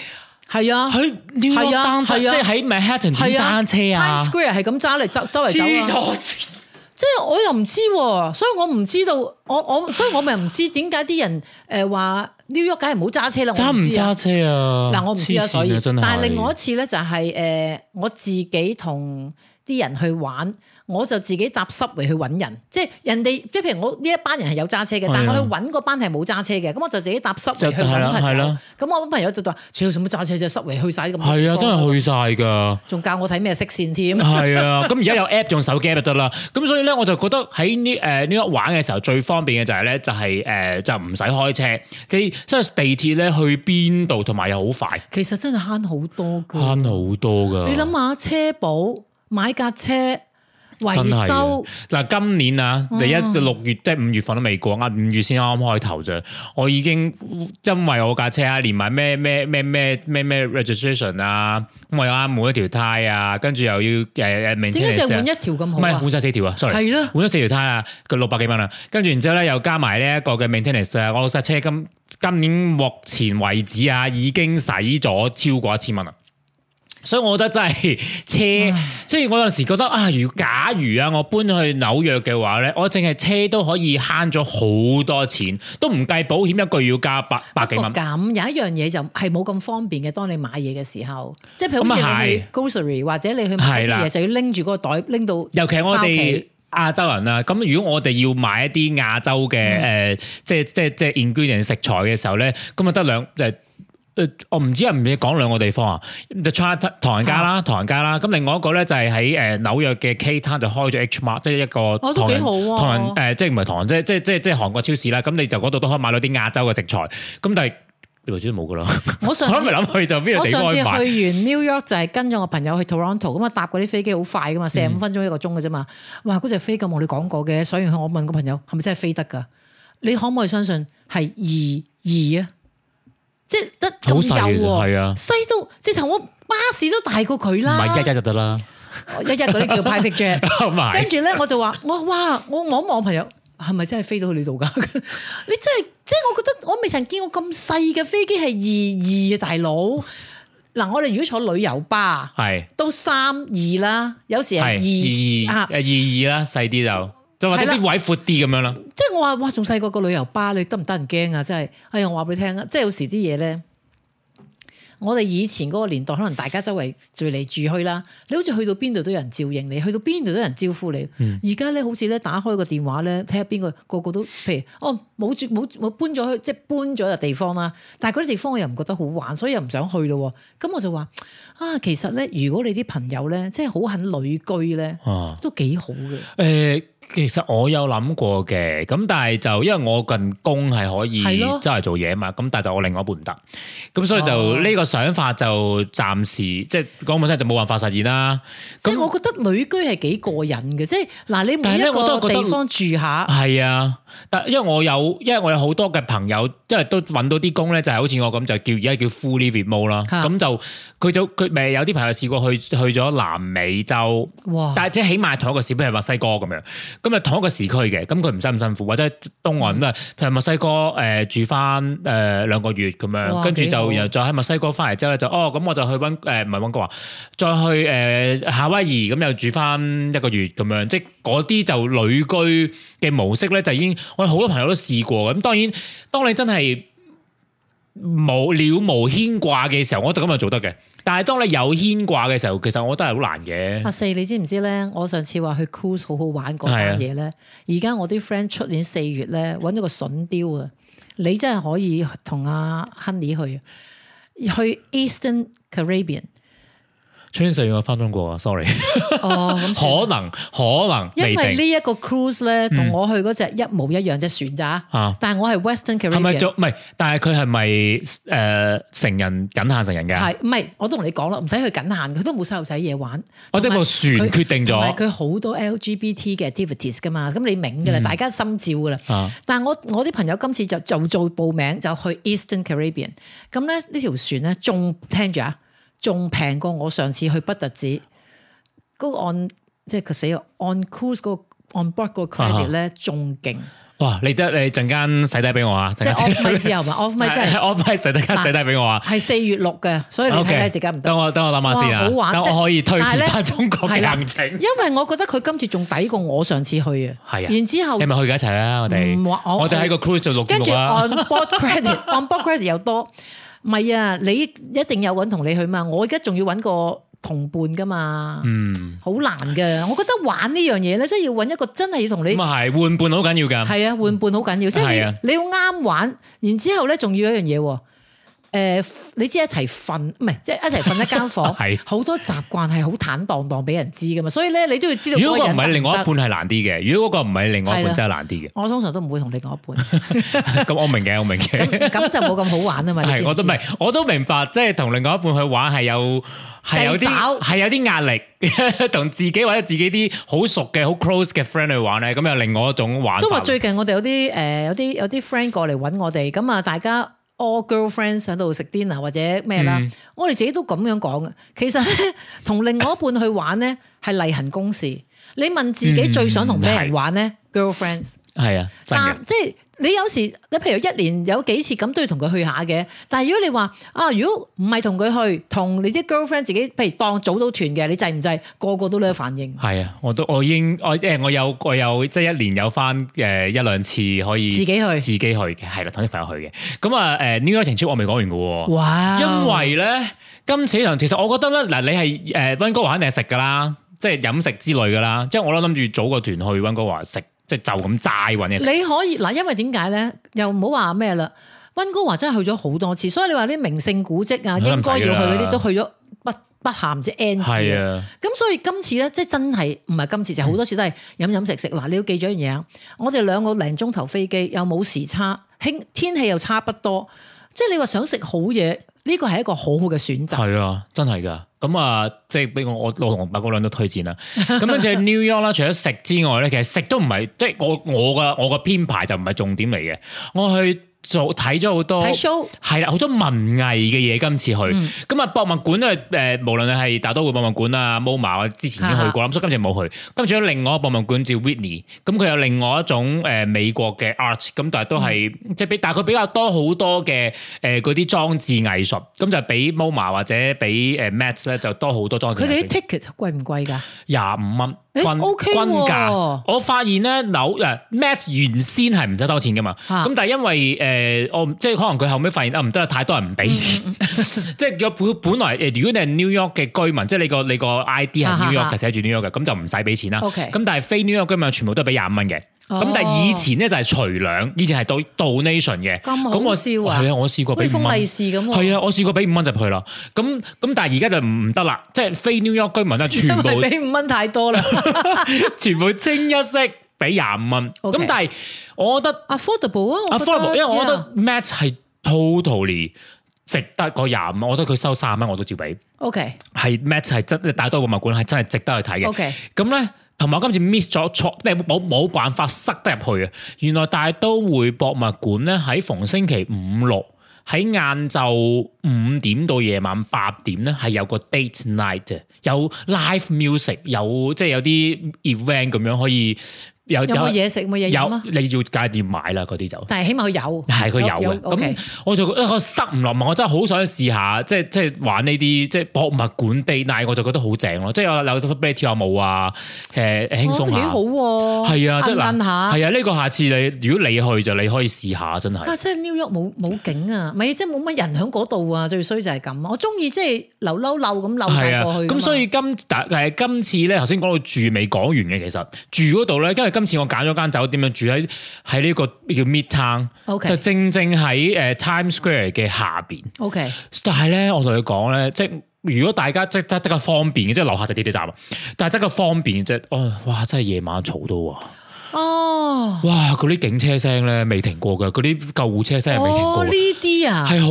係在啊，佢 New York，即係喺曼哈頓揸車啊，Times Square 係咁揸嚟周周圍走。黐線即係我又唔知、啊，所以我唔知道，我我，所以我咪唔知點解啲人誒話 New York 梗係唔好揸車咯。揸唔揸車啊？嗱、呃，我唔知啊！所以。是但係另外一次咧、就是，就係誒，我自己同啲人去玩。我就自己搭濕位去揾人，即係人哋即係譬如我呢一班人係有揸車嘅，是啊、但係我去揾嗰班係冇揸車嘅，咁我就自己搭濕位去揾朋咁、啊啊、我搵朋友就話：，超，做乜揸車就濕位去晒啲咁？係啊，真係去晒噶，仲教我睇咩色線添。係啊，咁而家有 app 用手 g 就得啦。咁 所以咧，我就覺得喺呢誒呢個玩嘅時候最方便嘅就係、是、咧、呃，就係誒就唔使開車，地即係地鐵咧去邊度同埋又好快。其實真係慳好多噶，慳好多噶。你諗下車保買架車。維修嗱，今年啊，第一到六月即係五月份都未過啊，五月先啱啱開頭啫。我已經因為我架車啊，連埋咩咩咩咩咩咩 registration 啊，咁我又啱換一條胎啊，跟住又要誒誒。點解淨係換一條咁好啊？唔係，換晒四條啊，sorry 啊。係咯，換咗四條胎啊，佢六百幾蚊啊。跟住然之後咧，又加埋呢一個嘅 maintenance 啊，我老細車今今年目前為止啊，已經使咗超過一千蚊啊。所以，我覺得真係車，唉即係我有時覺得啊，如假如啊，我搬去紐約嘅話咧，我淨係車都可以慳咗好多錢，都唔計保險，一個月要加百百幾蚊。咁有一樣嘢就係冇咁方便嘅，當你買嘢嘅時候，即係譬如好 grocery、嗯、或者你去買嘢的就要拎住嗰個袋拎到，尤其我哋亞洲人啦。咁、嗯、如果我哋要買一啲亞洲嘅誒、呃，即係即係即係 ingredient 食材嘅時候咧，咁啊得兩誒。我唔、嗯哦、知啊，唔知講兩個地方啊，The 唐人街啦，唐人街啦，咁另外一個咧就係喺誒紐約嘅 K Town 就開咗 H Mart 即係一個唐人誒、哦啊呃，即係唔係唐人，即係即係即係即係韓國超市啦。咁、嗯、你就嗰度都可以買到啲亞洲嘅食材。咁但係呢度始終冇噶啦。我上次諗 去就我上次去完 New York 就係跟咗我朋友去 Toronto，咁啊搭嗰啲飛機好快噶嘛，四十五分鐘一個鐘嘅啫嘛。哇，嗰隻飛咁我你講過嘅，所以我問個朋友係咪真係飛得噶？你可唔可以相信係二二啊？2? 即係得好幼喎、啊，細到、啊、即係同我巴士都大過佢啦。咪、啊、一一就得啦，一一嗰啲叫派色 jet。跟住咧，我就話我話哇，我望一望朋友係咪真係飛到去你度㗎？ 你真係即係我覺得我未曾見過咁細嘅飛機係二二啊大佬。嗱，我哋如果坐旅遊巴係是 都三二啦，有時係二二啊，二二啦細啲就。就或者啲位闊啲咁樣啦，即係我話哇，仲細過個旅遊巴，你得唔得人驚啊？真係，哎呀，我話俾你聽啊！即係有時啲嘢咧，我哋以前嗰個年代，可能大家周圍聚嚟住去啦，你好似去到邊度都有人照應你，去到邊度都有人招呼你。而家咧，好似咧打開個電話咧，睇下邊個個個都，譬如哦冇住冇冇搬咗去，即係搬咗入地方啦。但係嗰啲地方我又唔覺得好玩，所以又唔想去咯。咁、嗯、我就話啊，其實咧，如果你啲朋友咧，即係好肯旅居咧，都幾好嘅，誒、啊。啊。其實我有諗過嘅，咁但係就因為我近工係可以周圍做嘢啊嘛，咁的但係就我另外一半唔得，咁所以就呢、哦、個想法就暫時即係講本身就冇辦法實現啦。即是 那我覺得旅居係幾過癮嘅，即係嗱你每一個地方住下係啊。但因為我有，因為我有好多嘅朋友，即係都揾到啲工咧，就係、是、好似我咁，叫的就叫而家叫 fully remote 啦。咁就佢就佢咪有啲朋友試過去去咗南美洲。哇嘩！但係即係起碼同一個市比如墨西哥咁樣，咁啊同一個時區嘅，咁佢唔使唔辛苦，或者東岸咁啊，譬如墨西哥誒、呃、住翻誒兩個月咁樣，嘩跟住就又好再喺墨西哥翻嚟之後咧，就哦咁我就去揾誒唔係溫哥華，再去誒、呃、夏威夷咁又住翻一個月咁樣，即，即嗰啲就旅居嘅模式咧，就已經我哋好多朋友都試過嘅。咁當然，當你真係無了無牽掛嘅時候，我覺得咁樣做得嘅。但係當你有牽掛嘅時候，其實我覺得係好難嘅。阿、啊、四，你知唔知咧？我上次話去 Cruise 好好玩嗰單嘢咧，而家是、啊、我啲 friend 出年四月咧揾咗個筍雕啊！你真係可以同阿、啊、Honey 去去 Eastern Caribbean。穿四個分中國啊，sorry。哦 可，可能可能，因為，定因為呢一個 cruise 咧，同我去嗰隻一模一樣隻船咋。啊、嗯，但係我係 Western Caribbean。係咪唔係，但係佢係咪誒成人僅限成人嘅？係唔係？我都同你講啦，唔使去僅限，佢都冇細路仔嘢玩。我即部船決定咗。佢好多 LGBT 嘅 activities 噶嘛，咁你明噶啦，嗯、大家心照噶啦。嗯、但係我我啲朋友今次就，就做做報名就去 Eastern Caribbean，咁咧呢條船咧仲聽住啊！仲平過我上次去，不特止，嗰個按即係佢死個 on cruise 嗰個 on board 個 credit 咧仲勁。哇！你得你陣間使低俾我啊！即係我唔係自由嘛，我唔係真係，我唔係使低，使低俾我啊！係四月六嘅，所以你係咧，而家唔得。等我等我諗下先啊，等我可以推遲翻中國嘅行程。因為我覺得佢今次仲抵過我上次去啊。係啊，然之後你咪去咗一齊啊？我哋。我哋喺個 cruise 就六千六啊。on board credit on board credit 又多。唔係啊，你一定有個人同你去嘛，我而家仲要揾個同伴噶嘛，好、嗯、難噶。我覺得玩呢樣嘢咧，真係要揾一個真係要同你。咁啊係，換伴好緊要噶。係啊，換伴好緊要，嗯、即係你，係、啊、你要啱玩，然之後咧仲要一樣嘢。誒、呃，你知一齊瞓，唔係即係一齊瞓一間房，係好 是的 多習慣係好坦蕩蕩俾人知噶嘛，所以咧你都要知道。如果個唔係另外一半係難啲嘅，如果嗰個唔係另外一半真係難啲嘅。的的我通常都唔會同另外一半。咁 我明嘅，我明嘅。咁 就冇咁好玩啊嘛。係，我都唔係，我都明白，即係同另外一半去玩係有係有啲係有啲壓力，同 自己或者自己啲好熟嘅好 close 嘅 friend 去玩咧，咁有另外一種玩。都話最近我哋有啲誒、呃、有啲有啲 friend 過嚟揾我哋，咁啊大家。all girlfriends 喺度食 dinner 或者咩啦，我哋自己都咁樣講嘅。其實咧，同另外一半去玩咧係例行公事。你問自己最想同咩人玩咧？girlfriends？係啊，但即係。你有時，你譬如一年有幾次咁都要同佢去下嘅。但係如果你話啊，如果唔係同佢去，同你啲 girlfriend 自己，譬如當組到團嘅，你制唔制？個個都呢個反應。係啊，我都我已經我誒我有我有即係、就是、一年有翻誒、呃、一兩次可以自己去自己去嘅，係啦，同啲朋友去嘅。咁啊誒，New York City 我未講完嘅喎。哇 Wow！因為咧今次其實我覺得咧嗱，你係誒温哥華肯定係食噶啦，即、就、係、是、飲食之類嘅啦。即係我都諗住組個團去温哥華食。即就咁齋揾嘢食，你可以嗱，因為點解咧？又唔好話咩啦。溫哥華真係去咗好多次，所以你話啲名勝古蹟啊，應該要去嗰啲都去咗不不下唔知 N 次啊。咁是的 所以今次咧，即真係唔係今次，就好多次都係飲飲食食。嗱是的，你要記一樣嘢，我哋兩個零鐘頭飛機，又冇時差，天氣又差不多，即你話想食好嘢。呢個係一個好好嘅選擇，係啊，真係㗎，咁啊，即係俾我我老同阿伯哥兩都推薦啦。咁樣就 New York 啦，除咗食之外呢，其實食都唔係，即係我我嘅我嘅編排就唔係重點嚟嘅，我去。做睇咗好多，睇 show，係啦，好多文藝嘅嘢。今次去咁啊，博物館都係誒，無論你係大都會博物館啊，Moma 我之前已經去過啦，所以今次冇去。跟住有另外一個博物館叫 Whitney，咁佢有另外一種誒美國嘅 Art，咁但係都係即係比，但係佢比較多好多嘅誒嗰啲裝置藝術。咁就比 Moma 或者比誒 Mats 咧就多好多裝置藝術。佢哋啲 ticket 貴唔貴㗎？廿五蚊。均，Okay 均價，我發現咧樓誒，Matt 原先係唔得收錢嘅嘛，咁、啊、但係因為誒、呃，我即係可能佢後屘發現啊，唔得啦，太多人唔俾錢，嗯、 即係佢本本來誒，如果你係 New York 嘅居民，即係你個你個 ID 係 New York 嘅，寫住 New York 嘅，咁就唔使俾錢啦。咁 Okay 但係非 New York 居民全部都係俾廿五蚊嘅。咁、哦、但係以前咧就係除兩，以前係到 donation 嘅。咁好笑啊！係啊、哦，我試過俾封利是咁。係啊，我試過俾五蚊入去啦。咁咁但係而家就唔得啦，即、就、係、是、非 New York 居民咧，全部俾五蚊太多啦， 全部清一色俾廿五蚊。咁 Okay. 但係我覺得 affordable 啊，affordable，因為我覺得 Matt 係 totally 值得個廿五蚊。Yeah. 我覺得佢收卅蚊我都照俾。OK。係 Matt 係真，大多博物館係真係值得去睇嘅。OK。咁咧。同埋今次 miss 咗錯，即係冇冇辦法塞得入去啊！原來大都會博物館咧，喺逢星期五六，喺晏晝五點到夜晚八點咧，係有個 date night，有 live music，有即係、就是、有啲 event 咁樣可以。有有嘢食冇嘢飲啊！你要街店買啦，嗰啲就但係起碼佢有，係佢有嘅。咁我就覺得我塞唔落埋，我真係好想試下，即係即係玩呢啲即係博物館地。但係我就覺得好正咯，即係有有俾你跳下舞啊，誒輕鬆下，幾好喎。係啊，即係嗱，係啊，呢個下次你如果你去就你可以試下，真係。啊，即係紐約冇冇景啊，咪，即係冇乜人喺嗰度啊，最衰就係咁。我中意即係流溜溜咁溜曬過去。咁所以今但今次咧，頭先講到住未講完嘅，其實住嗰度咧，因為今次我揀咗間酒店咧住喺喺呢個叫 Midtown，Okay. 就正正喺誒、uh, Times Square 嘅下邊。Okay. 但係咧，我同你講咧，即係如果大家即係得個方便嘅，即係樓下就地鐵站。但係得個方便即哦，哇！真係夜晚嘈到啊！哦，哇！嗰啲、哦、警車聲咧未停過嘅，嗰啲救護車聲未停過。呢啲、哦、啊，係好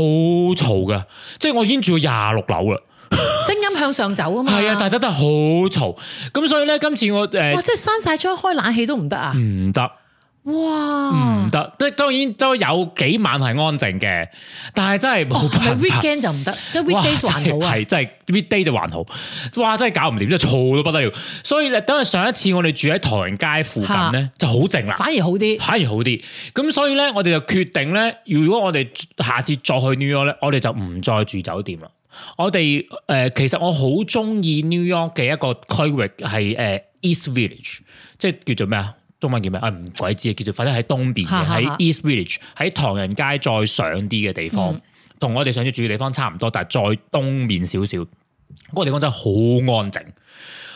嘈嘅，即係我已經住到廿六樓啦。聲音向上走啊嘛，係啊，大家真係好嘈，咁所以咧，今次我誒，呃、哇，即係閂晒窗，開冷氣都唔得啊，唔得行，哇，唔得，即係當然都有幾晚係安靜嘅，但係真係冇辦法，係、哦、weekend 就唔得，即係 weekdays 還好啊，即係 weekday 就還好，哇，真係搞唔掂，真係嘈到不得了，所以咧，等於上一次我哋住喺唐人街附近咧，啊、就好靜啦，反而好啲，反而好啲，咁所以咧，我哋就決定咧，如果我哋下次再去 New York 咧，我哋就唔再住酒店啦。我哋誒、呃，其實我好中意 New York 嘅一個區域係誒、呃、East Village，即係叫做咩啊？中文叫咩啊？唔、哎、鬼知啊！叫做，反正喺東邊喺 East Village，喺唐人街再上啲嘅地方，同、嗯、我哋上次住嘅地方差唔多，但係再東面少少。嗰、那個地方真係好安靜，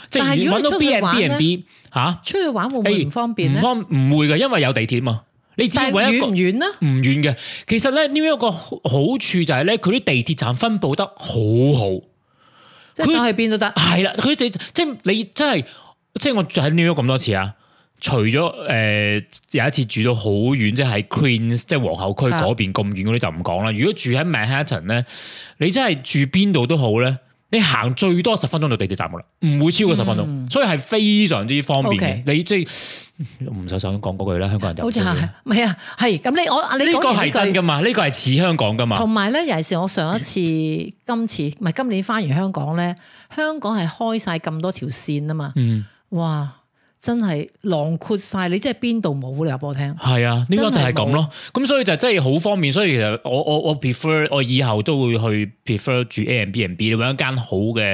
即係搵到 B and B and B 吓，啊、出去玩會唔會唔方便咧？唔方唔會嘅，因為有地鐵嘛。你知係遠唔遠,遠呢？唔遠嘅，其實咧 New York 嘅好處就係咧，佢啲地鐵站分佈得好好。即係想去邊都得。係啦，佢哋，即係你真係即係我住喺 New York 咁多次啊！除咗誒、呃、有一次住咗好遠，即係喺 Queens 即係皇后區嗰邊咁的遠嗰啲就唔講啦。如果住喺 Manhattan 咧，on, 你真係住邊度都好咧。你行最多十分鐘到地鐵站啦，唔會超過十分鐘，嗯，所以係非常之方便嘅。Okay. 你即係唔使想講嗰句啦，香港人就好似係，係啊，係咁。你我你講嘢係真噶嘛？呢個係似香港噶嘛？同埋咧，尤其是我上一次，今次唔係今年翻完香港咧，香港係開晒咁多條線啊嘛。嗯，哇！真係囊括晒，你真係邊度冇你話我聽？係啊，應該就係咁咯。咁所以就真係好方便。所以其實我我我 prefer 我以後都會去 prefer 住 Airbnb 揾一間好嘅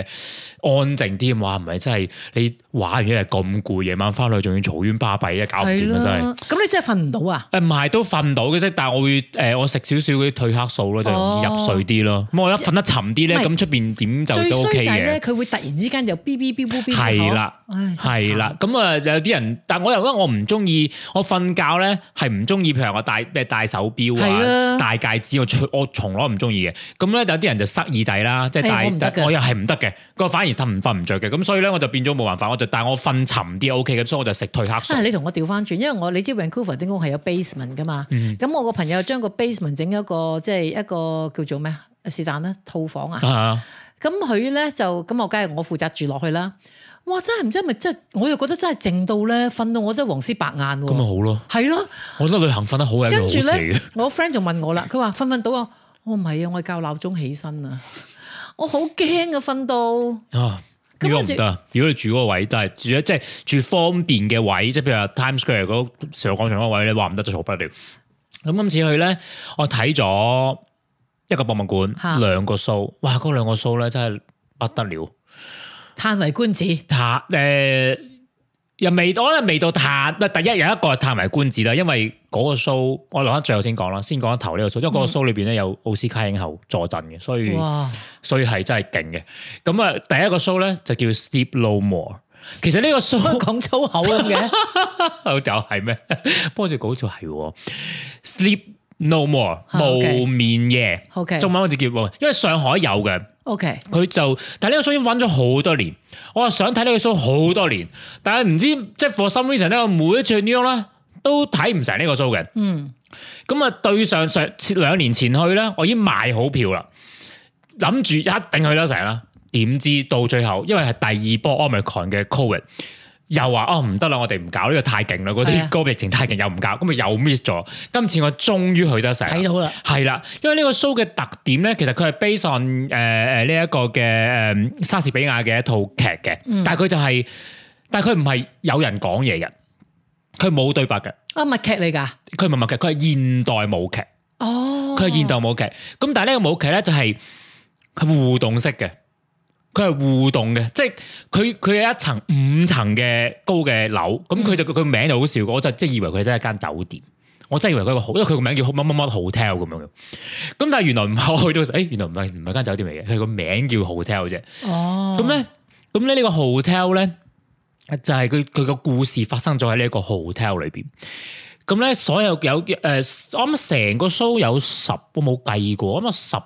安靜啲。話唔係真係你玩完係咁攰，夜晚翻去仲要嘈冤巴閉啊，搞唔掂真係。咁你真係瞓唔到啊？誒，唔係都瞓到嘅啫，但係我會誒，我食少少啲褪黑素咯，就容易入睡啲咯。咁我一瞓得沉啲咧，咁出邊點就都 OK 嘅。最衰佢會突然之間就咇咇咇啦，係啦，咁啊～有啲人，但我又因為我唔中意，我瞓覺咧係唔中意譬如我戴咩戴手表啊，是啊戴戒指我從我從來唔中意嘅。咁咧有啲人就塞耳仔啦，即係戴，欸、但係我又係唔得嘅，個反而瞓唔瞓唔着嘅。咁所以咧我就變咗冇辦法，我就但我瞓沉啲 O K 嘅，所以我就食褪黑素。你同我調翻轉，因為我你知 Vancouver va 啲屋係有 basement 噶嘛，咁、嗯、我個朋友將個 basement 整咗一個即係一,一個叫做咩是但啦套房啊，咁佢咧就咁我梗係我負責住落去啦。哇！真係唔知係咪真係，我又覺得真係靜到咧，瞓到我真係黃絲白眼喎、啊。咁咪好咯，係咯、啊。我覺得旅行瞓得跟好係好事。我 friend 就問我啦，佢話瞓瞓到、哦、啊，我唔係啊，我係教鬧鐘起身啊，我好驚啊，瞓到啊。咁啊唔得，如果你住嗰個位，真、就、係、是、住咗，即、就、係、是、住方便嘅位，即、就、係、是、譬如話 Times Square 嗰上廣場嗰位你話唔得就嘈不了。咁今次去咧，我睇咗一個博物館兩個 show，哇！嗰兩個 show 咧真係不得了。嘆為觀止，嘆誒、呃，又未到咧，未到嘆。唔，第一有一個係嘆為觀止啦，因為嗰個 show 我留返最後先講啦，先講一頭呢個 show，因為嗰個 show 裏邊咧有奧斯卡影后坐鎮嘅，所以哇所以係真係勁嘅。咁啊，第一個 show 咧就叫 Sleep No More，其實呢個 show 講粗口嘅， 是嗎 就係咩？幫住講就係 Sleep。No more，Okay. 無眠夜，中文好似叫，因為上海有嘅，佢 Okay. 就，但呢個 show 已經揾咗好多年，我係想睇呢個 show 好多年，但係唔知即係、就是、for some reason 咧，我每一次 New York 咧都睇唔成呢個 show 嘅，咁啊、嗯、對上上兩年前去咧，我已經買好票啦，諗住一定去得成啦，點知到最後因為係第二波 omicron 嘅 COVID 又話哦唔得啦，我哋唔搞呢個太勁啦，嗰啲歌疫情太勁，又唔搞，咁咪又 miss 咗。今次我終於去得成，睇到啦，係啦，因為呢個 show 嘅特點咧，其實佢係 based on 誒誒呢一個嘅誒莎士比亞嘅一套劇嘅、嗯就是，但係佢就係，但係佢唔係有人講嘢嘅，佢冇對白嘅。啊，默劇嚟噶？佢唔係默劇，佢係現代舞劇。哦，佢係現代舞劇。咁但係呢個舞劇咧就係係互動式嘅。佢係互動嘅，即係佢佢有一層五層嘅高嘅樓，咁佢就佢個、嗯、名就好笑，我就即係以為佢真係一間酒店，我真係以為佢一個好，因為佢個名叫乜乜乜 hotel 咁樣，咁但係原來唔係我去到誒、欸，原來唔係唔係間酒店嚟嘅，佢個名叫 hotel 啫。哦，咁咧，咁咧呢個 hotel 咧就係佢佢個故事發生咗喺呢一個 hotel 裏邊。咁咧所有有誒、呃，我諗成個 show 有十，我冇計過，咁啊十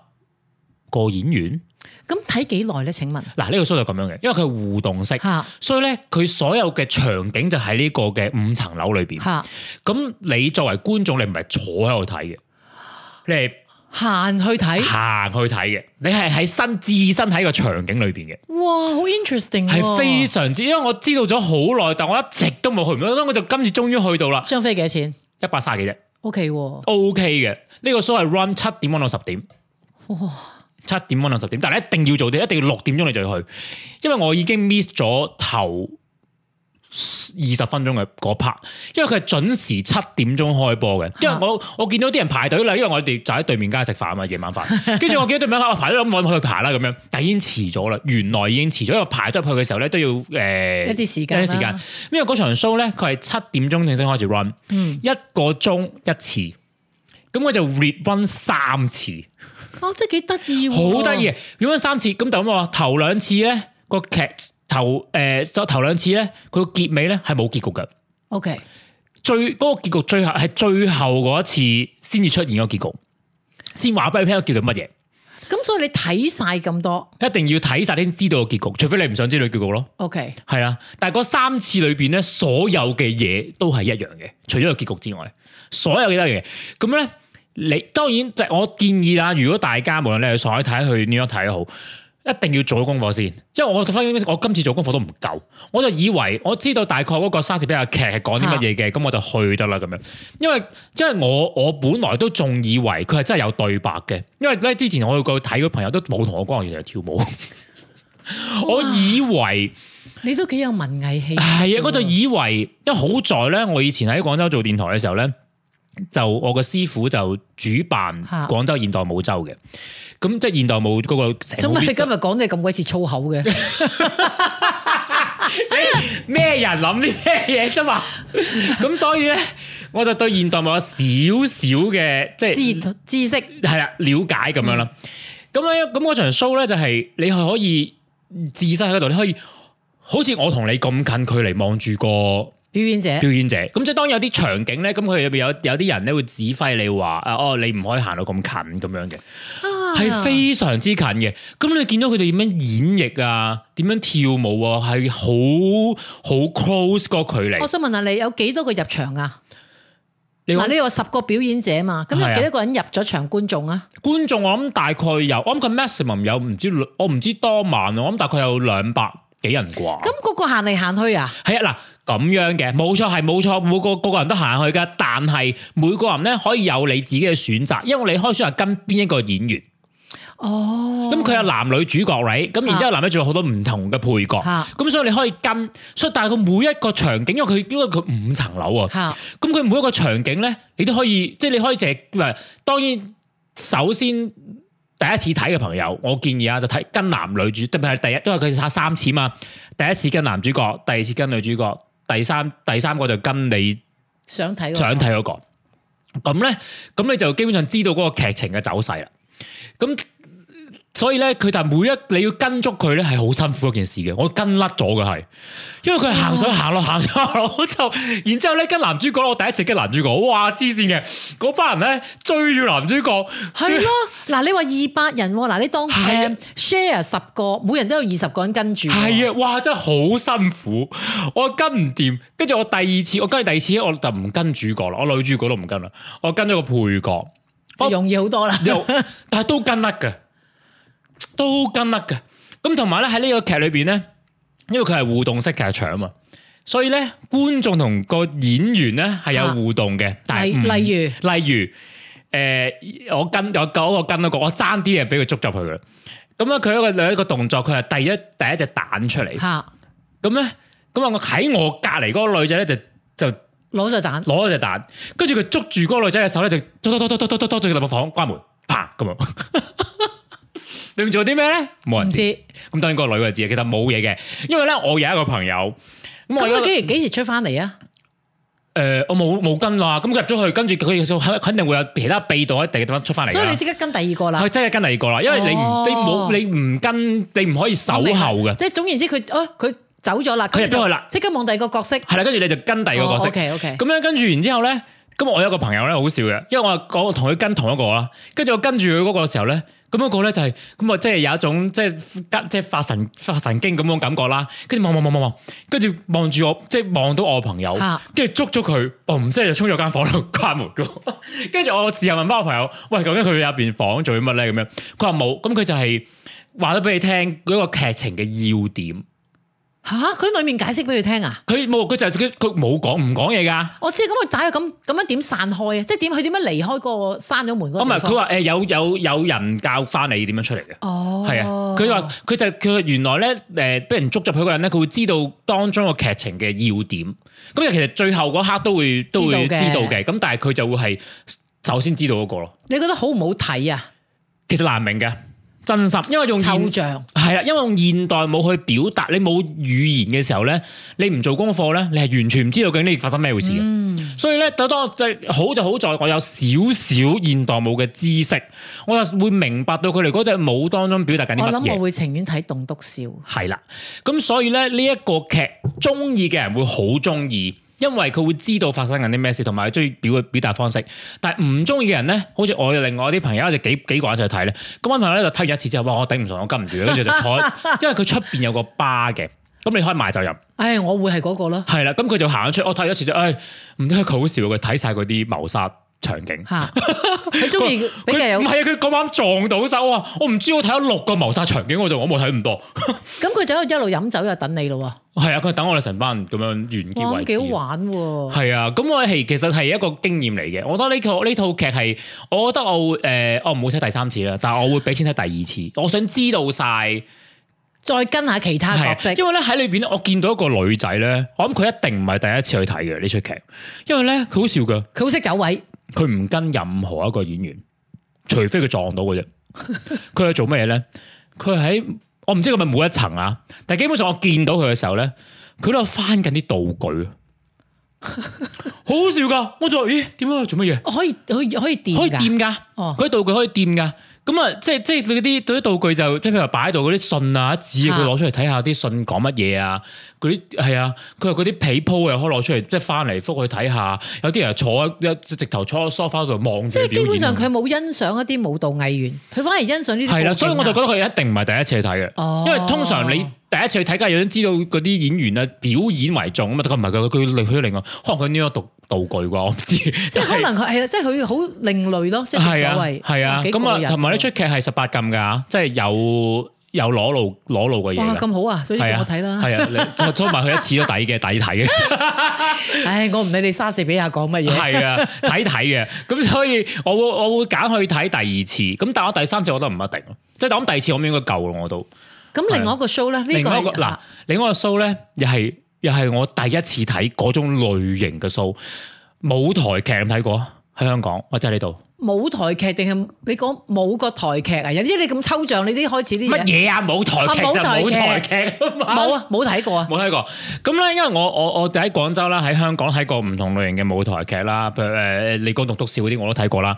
個演員。咁睇幾耐咧？請問、啊，嗱、這、呢個 show 就咁樣嘅，因為佢係互動式，哈所以咧佢所有嘅場景就喺呢個嘅五層樓裏邊。咁哈、嗯、你作為觀眾，你唔係坐喺度睇嘅，你係行去睇，行去睇嘅，你係喺身置身喺個場景裏邊嘅。哇，好 interesting，係非常之，因為我知道咗好耐，但我一直都冇去，咁我就今次終於去到啦。張飛幾多錢？一百三十幾啫。O K，O K 嘅，呢、okay 呢個 show 係 run 七點到十點。哇！七點或者十點，但係一定要做啲，一定要六點鐘你就要去，因為我已經 miss 咗頭二十分鐘嘅嗰 part，因為佢係準時七點鐘開播嘅。因為我，啊，我，我見到啲人排隊啦，因為我哋就喺對面街食飯啊嘛，夜晚飯。跟住我見到對面間，我排都諗，我咪去排啦咁樣。但已經遲咗啦，原來已經遲咗，因為排隊入去嘅時候咧都要誒，呃、一啲時間，啊，一啲時間。因為嗰場 show 咧，佢係七點鐘正式開始 run，一個鐘一次，咁我就 re-run 三次。哦，真係幾得意喎！好得意，如果三次，咁就咁話。頭兩次咧，個劇頭誒，就、呃、頭兩次咧，佢個結尾咧係冇結局嘅。OK，最嗰、嗰個結局最後係最後嗰一次先至出現個結局。先話俾你聽，叫佢乜嘢？咁所以你睇晒咁多，一定要睇晒先知道個結局，除非你唔想知道結局咯。O K，係啦，但係嗰三次裏邊咧，所有嘅嘢都係一樣嘅，除咗個結局之外，所有嘅都係嘅。咁咧。你當然即係我建議啦，如果大家無論你去上海睇，去點樣睇都好，一定要做功課先。因為我分我今次做功課都唔夠，我就以為我知道大概嗰個莎士比亞劇係講啲乜嘢嘅，咁、啊、我就去得啦咁樣。因為因為我我本來都仲以為佢係真係有對白嘅，因為咧之前我去過睇嘅朋友都冇同我講原來跳舞。 哇我以為你都幾有文藝氣，係啊，我就以為。因為好在咧，我以前喺廣州做電台嘅時候咧。就我個師傅就主辦廣州現代舞週嘅，咁即係現代舞嗰個。咁你今日講啲咁鬼似粗口嘅，咩 人諗啲咩嘢啫嘛？咁 所以咧，我就對現代舞有少少嘅即係知知識係啦、嗯，了解咁樣啦。咁咧，咁場 show 咧就係你係可以置身喺度，你可以好似我同你咁近距離望住個。表演者，表演者，咁即係當有啲場景咧，咁佢裏邊有有啲人咧會指揮你話，誒，哦，你唔可以行到咁近咁樣嘅，係、啊、非常之近嘅。咁你見到佢哋點樣演繹啊，點樣跳舞啊，係好好 close 個距離。我想問下你，有幾多個入場啊？嗱說，你話呢個十個表演者嘛，咁有幾多個人入咗場觀眾啊，啊？觀眾，我諗大概有，我諗個 maximum 有，唔知我唔知多晚，我諗大概有兩百幾人啩。咁個個行嚟行去啊？係啊，嗱。咁樣嘅，冇錯係冇錯，每個個個人都行去噶。但係每個人咧可以有你自己嘅選擇，因為你開書係跟邊一個演員哦。咁佢有男女主角嚟，咁是然之後男一仲有好多唔同嘅配角，咁是所以你可以跟。所以但係佢每一個場景，因為佢因為佢五層樓啊，咁佢是每一個場景咧，你都可以即係、就是、你可以借。當然，首先第一次睇嘅朋友，我建議啊，就睇跟男女主，特別係第一，因為佢差三次嘛。第一次跟男主角，第二次跟女主角。第三，第三個就跟你想睇嗰個，想睇嗰個，咁咧，咁你就基本上知道嗰個劇情嘅走勢啦。咁。所以咧，佢但係每一你要跟足佢咧，係好辛苦一件事嘅。我跟甩咗嘅係，因為佢行上行落行上行落就，然之後咧跟男主角，我第一次跟男主角，哇，黐線嘅嗰班人咧追住男主角。係咯、啊，嗱以，你話二百人、哦，嗱，你當 share 十個，啊、每人都有二十個人跟住。係啊，哇，真係好辛苦，我跟唔掂。跟住我第二次，我跟佢第二次，我就唔跟主角啦，我女主角都唔跟啦，我跟咗個配角，就容易好多啦。我 但係都跟甩嘅。都跟甩㗎，咁同埋咧喺呢個劇裏邊咧，因為佢係互動式劇場啊嘛，所以咧觀眾同個演員咧係有互動嘅。例例如例如誒，我跟有嗰個跟嗰個，我爭啲嘢俾佢捉入去嘅。咁啊，佢一個兩一個動作，佢係遞一第一隻蛋出嚟。吓咁咧，咁啊，我喺我隔籬嗰個女仔咧就就攞隻蛋，攞隻蛋，跟住佢捉住嗰個女仔嘅手咧，就拖拖拖拖拖拖拖咗入個房，關門，啪咁樣。你做啲咩咧？冇人知。咁當然個女嘅知。其實冇嘢嘅，因為咧我有一個朋友。咁佢幾時幾時出翻嚟啊？誒、呃，我冇冇跟啦。咁佢入咗去，跟住佢肯定會有其他秘道喺第二個地方出翻嚟。所以你即刻跟第二個啦。佢即刻跟第二個啦，因為你唔、哦、你冇你唔跟，你唔可以守候嘅。即係總言之，佢哦佢走咗啦，佢入咗去啦，即刻望第二個角色。係啦，跟住你就跟第二個角色。OK，OK。咁、okay, 樣、okay. 跟住完之後咧，咁我有一個朋友咧，好笑嘅，因為我同佢跟同一個啦，跟住我跟住佢嗰個時候咧。咁樣講咧就係咁啊，即係有一種即係即係發神發神經咁種感覺啦，跟住望望望望望，跟住望住我，即係望到我朋友，跟住捉咗佢，我唔知就衝咗間房度關門噶，跟 住我事後問翻我朋友，喂，究竟佢入邊房做啲乜咧？咁樣，佢話冇，咁佢就係話咗俾你聽嗰個劇情嘅要點。嚇！佢喺裏面解釋俾佢聽啊！佢冇，佢就佢佢冇講唔講嘢噶。我知咁佢打咁咁樣點散開啊！即係點佢點樣離開個閂咗門嗰個。唔係，佢話誒有有有人教翻你點樣出嚟嘅。哦，係啊，佢話佢就佢、是、原來咧誒，俾人捉咗佢嗰人咧，佢會知道當中個劇情嘅要點。咁又其實最後嗰刻都會都會知道嘅。咁但係佢就會係首先知道嗰、嗰個咯。你覺得好唔好睇啊？其實難明嘅。真實，因為用抽象係啦，因為用現代舞去表達，你冇語言嘅時候咧，你唔做功課咧，你係完全唔知道究竟你發生咩回事嘅。嗯，所以咧，就當即好就好在我有少少現代舞嘅知識，我就會明白到佢哋嗰隻舞當中表達緊啲乜嘢。我諗我會情願睇棟篤笑。係啦，咁所以咧呢一個劇，中意嘅人會好中意。因為佢會知道發生緊啲咩事，同埋佢中意表嘅表達方式。但係唔中意嘅人咧，好似我哋另外啲朋友，就幾幾個人一齊睇咧。咁我朋友咧就睇完一次之後，哇！我頂唔順，我跟唔住，跟住就坐， 因為佢出邊有個吧嘅，咁你開埋就入。唉、哎，我會係嗰個咯。係啦，咁佢就行咗出，我睇咗一次就，唉、哎，唔知，佢好笑，佢睇晒嗰啲謀殺。場景吓，佢中意俾人，唔係啊？佢咁啱撞到手啊！我唔知我睇咗六個謀殺場景，我就我冇睇唔多。咁 佢就一路飲酒又等你咯喎。係 啊，佢等我哋成班咁樣完結為止。哇，幾好玩喎！係啊，咁我係其實係一個經驗嚟嘅。我覺得呢個呢套劇係，我覺得我誒、呃，我唔會睇第三次啦，但係我會俾錢睇第二次。我想知道晒， 再跟下其他角色，啊、因為咧喺裏邊我見到一個女仔咧，我諗佢一定唔係第一次去睇嘅呢出劇，因為咧佢好笑噶，佢好識走位。佢唔跟任何一個演員，除非佢撞到嘅啫。佢係做咩嘢咧？佢喺我唔知佢係咪每一層啊，但係基本上我見到佢嘅時候咧，佢都有翻緊啲道具，好 好笑噶！我就咦，點樣？做乜嘢？可以可以可以掂，可以掂噶，佢、哦、道具可以掂噶。咁啊、嗯，即係即係嗰啲嗰啲道具就即係譬如擺喺度嗰啲信啊紙，佢攞出嚟睇下啲信講乜嘢啊嗰啲係啊，佢話嗰啲被鋪又可以攞出嚟，即係翻嚟覆去睇下。有啲人坐一，直頭坐喺沙發度望住。即係基本上佢冇欣賞一啲舞蹈藝員，佢反而欣賞呢啲。係、啊，所以我就覺得佢一定唔係第一次去睇嘅，因為通常你。哦第一次去睇梗係想知道嗰啲演員啊，表演為重啊嘛，但唔係佢佢另佢另外，可能佢呢個讀道具啩，我唔知。即係可能佢係即係佢好另類咯，即係所未有，幾咁啊，同埋呢出劇係十八禁㗎，即係有有裸露裸露嘅嘢。咁好啊，所以啲我睇啦。係啊，埋、啊、去一次都抵嘅，抵睇嘅。唉、 哎，我唔理你莎士比亞講乜嘢，係啊，睇睇嘅。咁所以我，我會我會揀去睇第二次。咁但我第三次我，我都唔一定即係當第二次，我應該夠咯。我都。我咁另外一個 show 咧，呢、啊、個嗱、啊，另外一個 show 咧，又係又係我第一次睇嗰種類型嘅 show，舞台劇有冇睇過啊？喺香港，我真係呢度。舞台劇定係你講舞個台劇啊？有啲你咁抽象，你啲開始啲乜嘢啊？舞台劇就舞台劇啊嘛。冇啊，冇睇過啊，冇睇過。咁咧，因為我我我喺廣州啦，喺香港睇過唔同類型嘅舞台劇啦，譬如，誒你講棟篤笑啲我都睇過啦。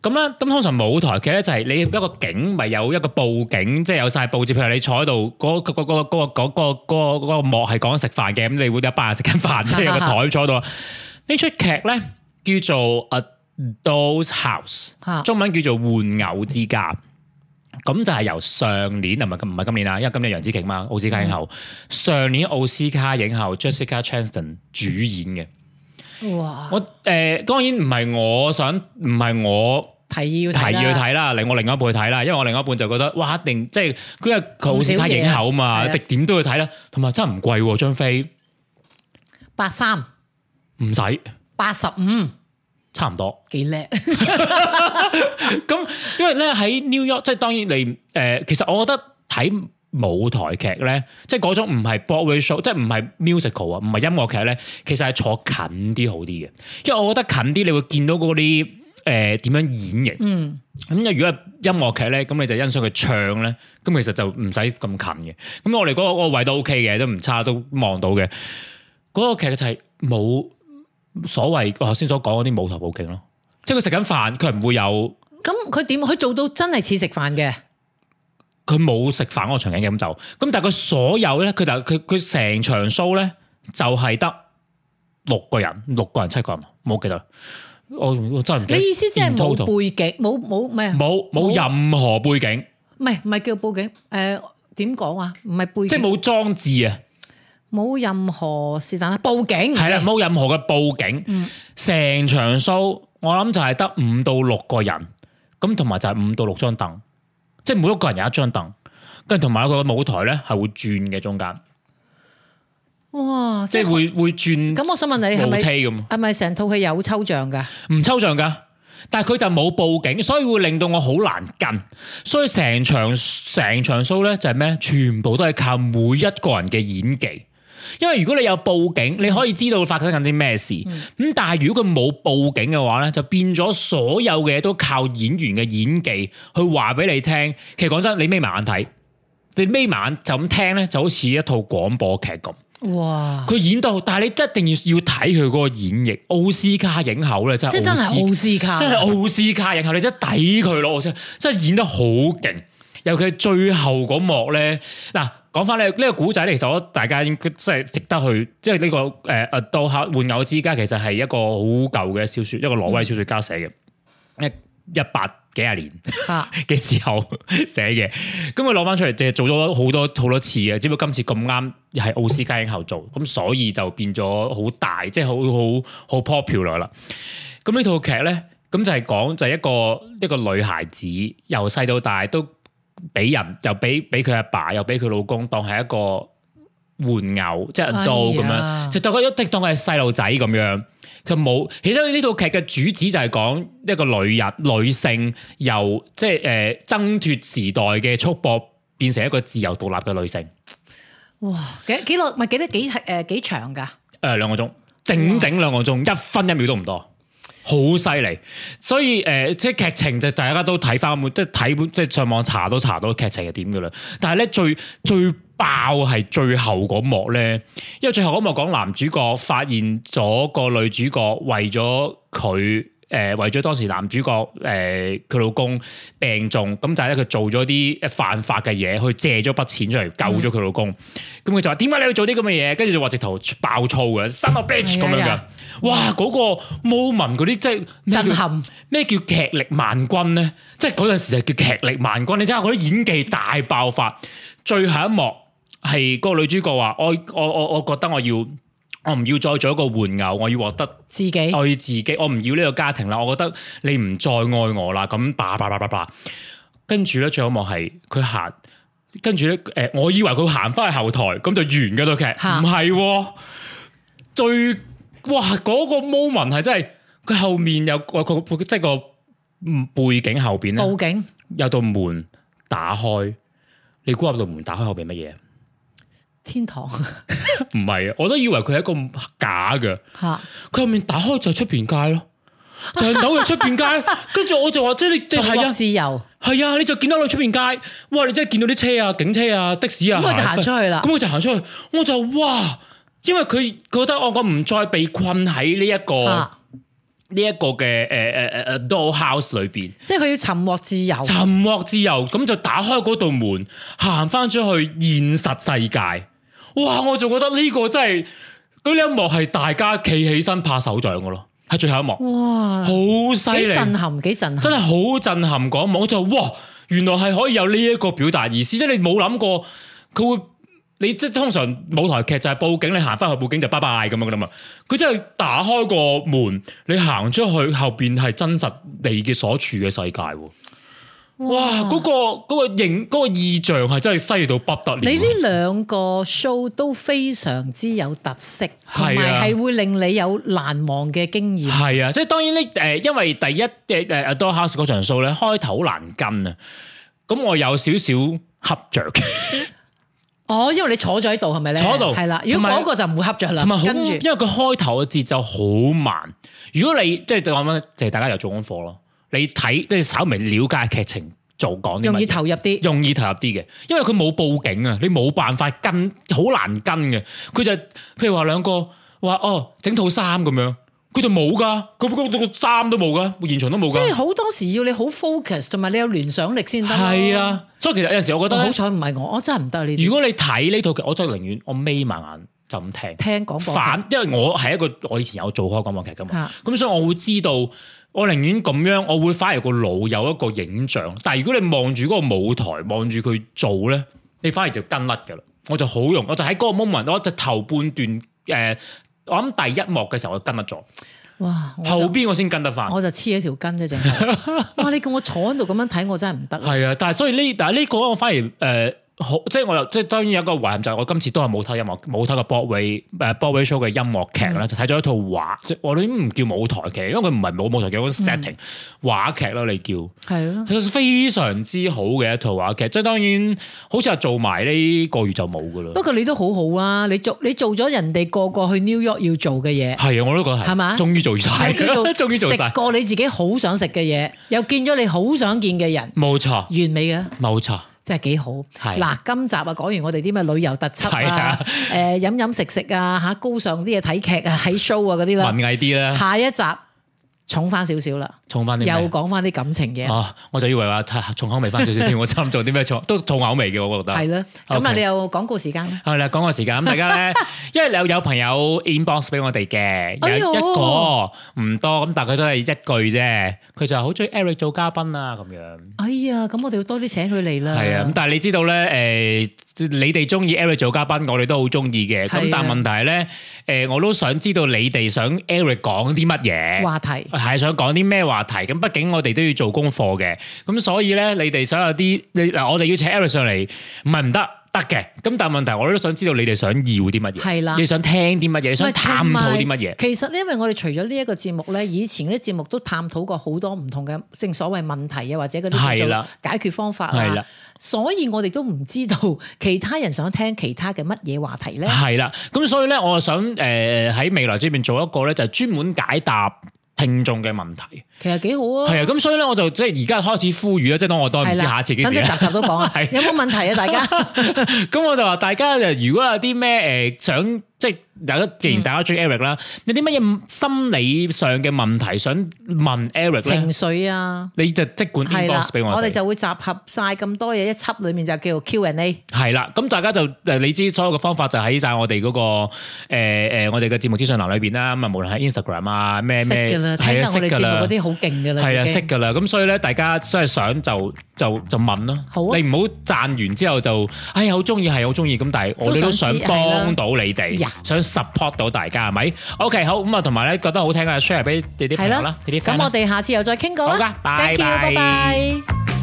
咁咧，咁通常舞台劇咧就係你一個景，咪有一個布景，即係有晒布置。譬如你坐喺度，嗰、嗰個、嗰個、嗰個、嗰個嗰個嗰個幕係講食飯嘅，咁你會有一班人食緊飯，即係有個台坐喺度。呢出劇咧叫做誒。啊啊 Doll's House，中文叫做《玩偶之家》，咁就係由上年，唔係唔係今年啦，因為今年楊紫瓊嘛，奧斯、嗯、斯卡影后。上年奧斯卡影后 Jessica Chastain 主演嘅。哇！我誒、呃，當然唔係我想，唔係我提議要提議去睇啦，令我另外一半去睇啦，因為我另外一半就覺得，哇，一定即係，因為佢奧斯卡影后嘛，啊、點都要睇啦。同埋真係唔貴，張飛八三唔使八十五。差唔多，幾叻。咁，因為咧喺 New York，即係當然你誒、呃，其實我覺得睇舞台劇咧，即係嗰種唔係 Broadway show，即係唔係 musical 啊，唔係音樂劇咧，其實係坐近啲好啲嘅。因為我覺得近啲，你會見到嗰啲誒點樣演繹。嗯，咁因為如果係音樂劇咧，咁你就欣賞佢唱咧，咁其實就唔使咁近嘅。咁我哋嗰、嗰個嗰、嗰個位都 OK 嘅，都唔差，都望到嘅。嗰、嗰個劇就係冇。所謂我頭先所講嗰啲冇頭報警咯，即係佢食緊飯，佢唔會有。咁佢點？佢做到真係似食飯嘅？佢冇食飯個場景咁就。咁但係佢所有咧，佢就佢佢成場 show 咧就係得六個人，六個人七個人，冇記得。我真係唔記得。你意思即係冇背景，冇冇咩啊冇冇任何背景，唔係唔係叫報警？誒、呃，點講啊？唔係背景，即係冇裝置啊！冇任何事，但係報，報警。係啦、嗯，冇任何嘅報警。成場 show 我諗就係得五到六個人，咁同埋就係五到六張凳，即係每一個人有一張凳，跟住同埋咧個舞台咧係會轉嘅中間。哇！即係會會轉。咁我想問你係咪？係咪成套戲有抽象㗎？唔抽象㗎，但係佢就冇報警，所以會令到我好難跟。所以成場成場 show 咧就係咩？全部都係靠每一個人嘅演技。因為如果你有報警，你可以知道發生緊啲咩事。咁但係如果佢冇報警嘅話咧，就變咗所有嘅嘢都靠演員嘅演技去話俾你聽。其實講真，你眯埋眼睇，你眯埋眼，眼就咁聽咧，就好似一套廣播劇咁。哇！佢演到，但係你一定要要睇佢嗰個演繹奧斯卡影后咧，真係即真係奧斯卡，真係奧斯卡影后，你真係抵佢咯！真真係演得好勁。尤其最後嗰幕咧，嗱講翻咧呢個古仔咧，其實我大家應即係值得去，即係呢個誒誒、呃、到下《玩偶之家》，其實係一個好舊嘅小説，一個挪威小説家寫嘅，嗯、一一百幾廿年嘅、啊、時候寫嘅，咁佢攞翻出嚟，淨係做咗好多好多次嘅，只不過今次咁啱係奧斯卡影后做，咁所以就變咗好大，即係好好好 popular 啦。咁呢套劇咧，咁就係講就係一個一個女孩子由細到大都，俾人又俾俾佢阿爸，爸又俾佢老公當係一個玩偶，即係人偶咁樣，就當佢一即係當佢係細路仔咁樣，佢冇。其實呢套劇嘅主旨就係講一個女人、女性由即係誒掙脫時代嘅束縛，變成一個自由獨立嘅女性。哇！幾幾耐？唔係幾多？幾誒幾、呃、幾長噶？誒、呃，兩個鐘，整整兩個鐘，哇，一分一秒都唔多。好犀利，所以誒、呃，即係劇情就大家都睇翻本，即係睇本，即係上網查都查到劇情係點㗎啦。但係咧，最最爆係最後嗰幕咧，因為最後嗰幕講男主角發現咗個女主角為咗佢。誒為咗當時男主角誒佢、呃、老公病重，咁就係咧佢做咗啲犯法嘅嘢，去借咗筆錢出嚟救咗佢老公。咁佢、嗯、就話：點解你要做啲咁嘅嘢？跟住就話直頭爆粗嘅，生我 bitch 咁樣嘅。哎、呀哇！嗰、那個 moment 嗰啲真係震撼。咩叫劇力萬鈞咧？即係嗰陣時就叫劇力萬鈞。你睇下嗰啲演技大爆發，最後一幕係個女主角話：我我我我，我，我覺得我要。我唔要再做一個玩偶，我要獲得自己愛自己。我唔要呢個家庭啦，我覺得你唔再愛我啦。咁叭叭叭叭叭，跟住咧，最後一幕係佢行，跟住咧，誒、呃，我以為佢行翻去後台，咁就完嘅套劇，唔係哈、哦，最哇嗰、那個 moment 係真係，佢後面有個即係個背景後邊咧，布景有道門打開，你估下道門打開後邊乜嘢？天堂唔係啊！我都以為佢係一個假嘅，佢入、啊、面打開就係出邊街咯，就走入出邊街，跟住我就話，即係你係啊，係啊！你就見到你出邊街，哇！你真係見到啲車啊、警車啊、的士啊，咁我、嗯、行就行出去啦。咁我、嗯、就行出去，我就哇！因為佢覺得我我唔再被困喺呢一個呢一、啊、個嘅誒誒誒誒，do house 裏邊，即係佢要重獲自由，重獲自由，咁就打開嗰道門，行翻出去現實世界。哇！我仲覺得呢個真係嗰啲一幕係大家企起身拍手掌嘅咯，喺最後一幕。哇！好犀利，震撼幾震撼，真係好震撼嗰一幕。我就哇，原來係可以有呢一個表達意思，即係你冇諗過佢會你即係通常舞台劇就係報警，你行翻去報警就拜拜咁樣嘅啦嘛。佢真係打開個門，你行出去後邊係真實你嘅所處嘅世界。嘩哇！嗰、那個嗰、那個、形嗰意、那個、象係真係犀到不得了。你呢兩個 show 都非常之有特色，同埋係會令你有難忘嘅經驗。係啊，即係當然呢誒、呃，因為第一誒誒 Doctor House 個場 show 咧，開頭好難跟啊。咁我有少少恰着嘅。 哦，因為你坐咗喺度係咪咧？坐喺度係啦。如果嗰個就唔會恰着啦。同埋有跟住著，因為佢開頭嘅節奏好慢。如果你即係對我咁咧，其實大家又做功課咯。你睇即係稍微了解劇情做講，容易投入啲，容易投入啲嘅，因為佢冇佈景啊，你冇辦法跟，好難跟嘅。佢就譬如話兩個話哦，整套衫咁樣，佢就冇噶，佢佢連個衫都冇噶，現場都冇噶。即係好多時要你好 focus，同埋你有聯想力先得。係啊，所以其實有陣時我覺得好彩唔係我，我真係唔得你。如果你睇呢套劇，我真係寧願我眯埋眼就咁聽聽講反，因為我係一個我以前有做開廣播劇噶嘛，咁所以我會知道。的我寧願咁樣，我會反而個腦有一個影像。但係如果你望住嗰個舞台，望住佢做咧，你反而就跟甩㗎啦。我就好用，我就喺嗰個 moment，我就頭半段誒、呃，我諗第一幕嘅時候我跟甩咗，哇！後邊我先跟得翻，我就黐咗條筋啫，整。 哇！你叫我坐喺度咁樣睇，我真係唔得。係啊， 但係所以呢、呢個，但係呢個我反而誒。呃好，即係我又即係當然有一個遺憾就係、是、我今次都係冇睇音樂舞台嘅 Broadway show 嘅音樂劇啦，嗯、就睇咗一套話，即係我哋唔叫舞台劇，因為佢唔係冇舞台劇嗰種 setting，話劇咯你叫係咯，嗯、其實非常之好嘅一套話劇，即係當然好似係做埋呢個月就冇噶啦。不過你都好好啊，你做你做咗人哋個個去 New York 要做嘅嘢，係啊，我都覺得係，係嘛吧，終於做晒，係叫繼 做終於做晒，食過你自己好想食嘅嘢，又見咗你好想見嘅人，冇錯，完美嘅，冇錯。真係幾好，嗱是、啊、今集啊講完我哋啲咩旅遊特輯啊，誒看看、呃、飲飲食食啊，高尚啲嘢睇劇啊睇 show 啊嗰啲啦，文藝啲啦，下一集。重翻少少啦，重翻啲，又講翻啲感情嘅。哦、啊，我就以為話、啊、重口味翻少少添，我真諗做啲咩重， 都重口味嘅，我覺得係咯。咁啊的，Okay. 你有廣告時間啦。係啦，廣告時間。咁大家咧， 因為你有有朋友 inbox 俾我哋嘅，有一個唔多，咁但係佢都係一句啫。佢就係好中意 Eric 做嘉賓啊，咁樣。哎呀，咁我哋要多啲請佢嚟啦。係啊，咁但係你知道咧，誒、呃。你哋中意 Eric 做嘉賓，我哋都好中意嘅。咁的但係問題係咧，誒，我都想知道你哋想 Eric 講啲乜嘢話題，係想講啲咩話題？咁畢竟我哋都要做功課嘅，咁所以咧，你哋想有啲，你嗱，我哋要請 Eric 上嚟，唔係唔得。得嘅，咁但係問題，我都想知道你哋想要啲乜嘢，的你想聽啲乜嘢，是想探討啲乜嘢。其實咧，因為我哋除咗呢一個節目咧，以前嗰啲節目都探討過好多唔同嘅正所謂問題啊，或者嗰啲叫做解決方法啊，的所以我哋都唔知道其他人想聽其他嘅乜嘢話題咧。係啦，咁所以咧，我想誒喺未來呢邊做一個咧，就專門解答。聽眾嘅問題，其實幾好啊。係啊，咁所以呢，我就即係而家開始呼籲啦。即、就、係、是、當我都唔知下一次。係啦，反正集集都講啊。 的有冇問題啊？大家。咁 我就話大家如果有啲咩、呃、想。即係大家，既然大家追 Eric 啦，有啲乜嘢心理上嘅問題想問 Eric 咧？情緒啊，你就即管 inbox 俾我。我哋就會集合晒咁多嘢，一輯裏面就叫做 Q&A。係啦，咁大家就你知所有嘅方法就喺晒我哋嗰個誒誒，我哋嘅節目資訊欄裏邊啦。咁啊，無論係 Instagram 啊咩咩，識噶啦，睇下我哋節目嗰啲好勁噶啦，係啊，識噶啦。咁所以咧，大家即係想就就就問咯，好啊，你唔好讚完之後就，哎呀好鍾意，係好鍾意咁，但係我哋都想幫到你哋，想 support 到大家係咪？OK 好咁啊，同埋咧覺得好聽嘅 share 俾你啲朋友啦，啲咁的的我哋下次又再傾過啦，拜拜。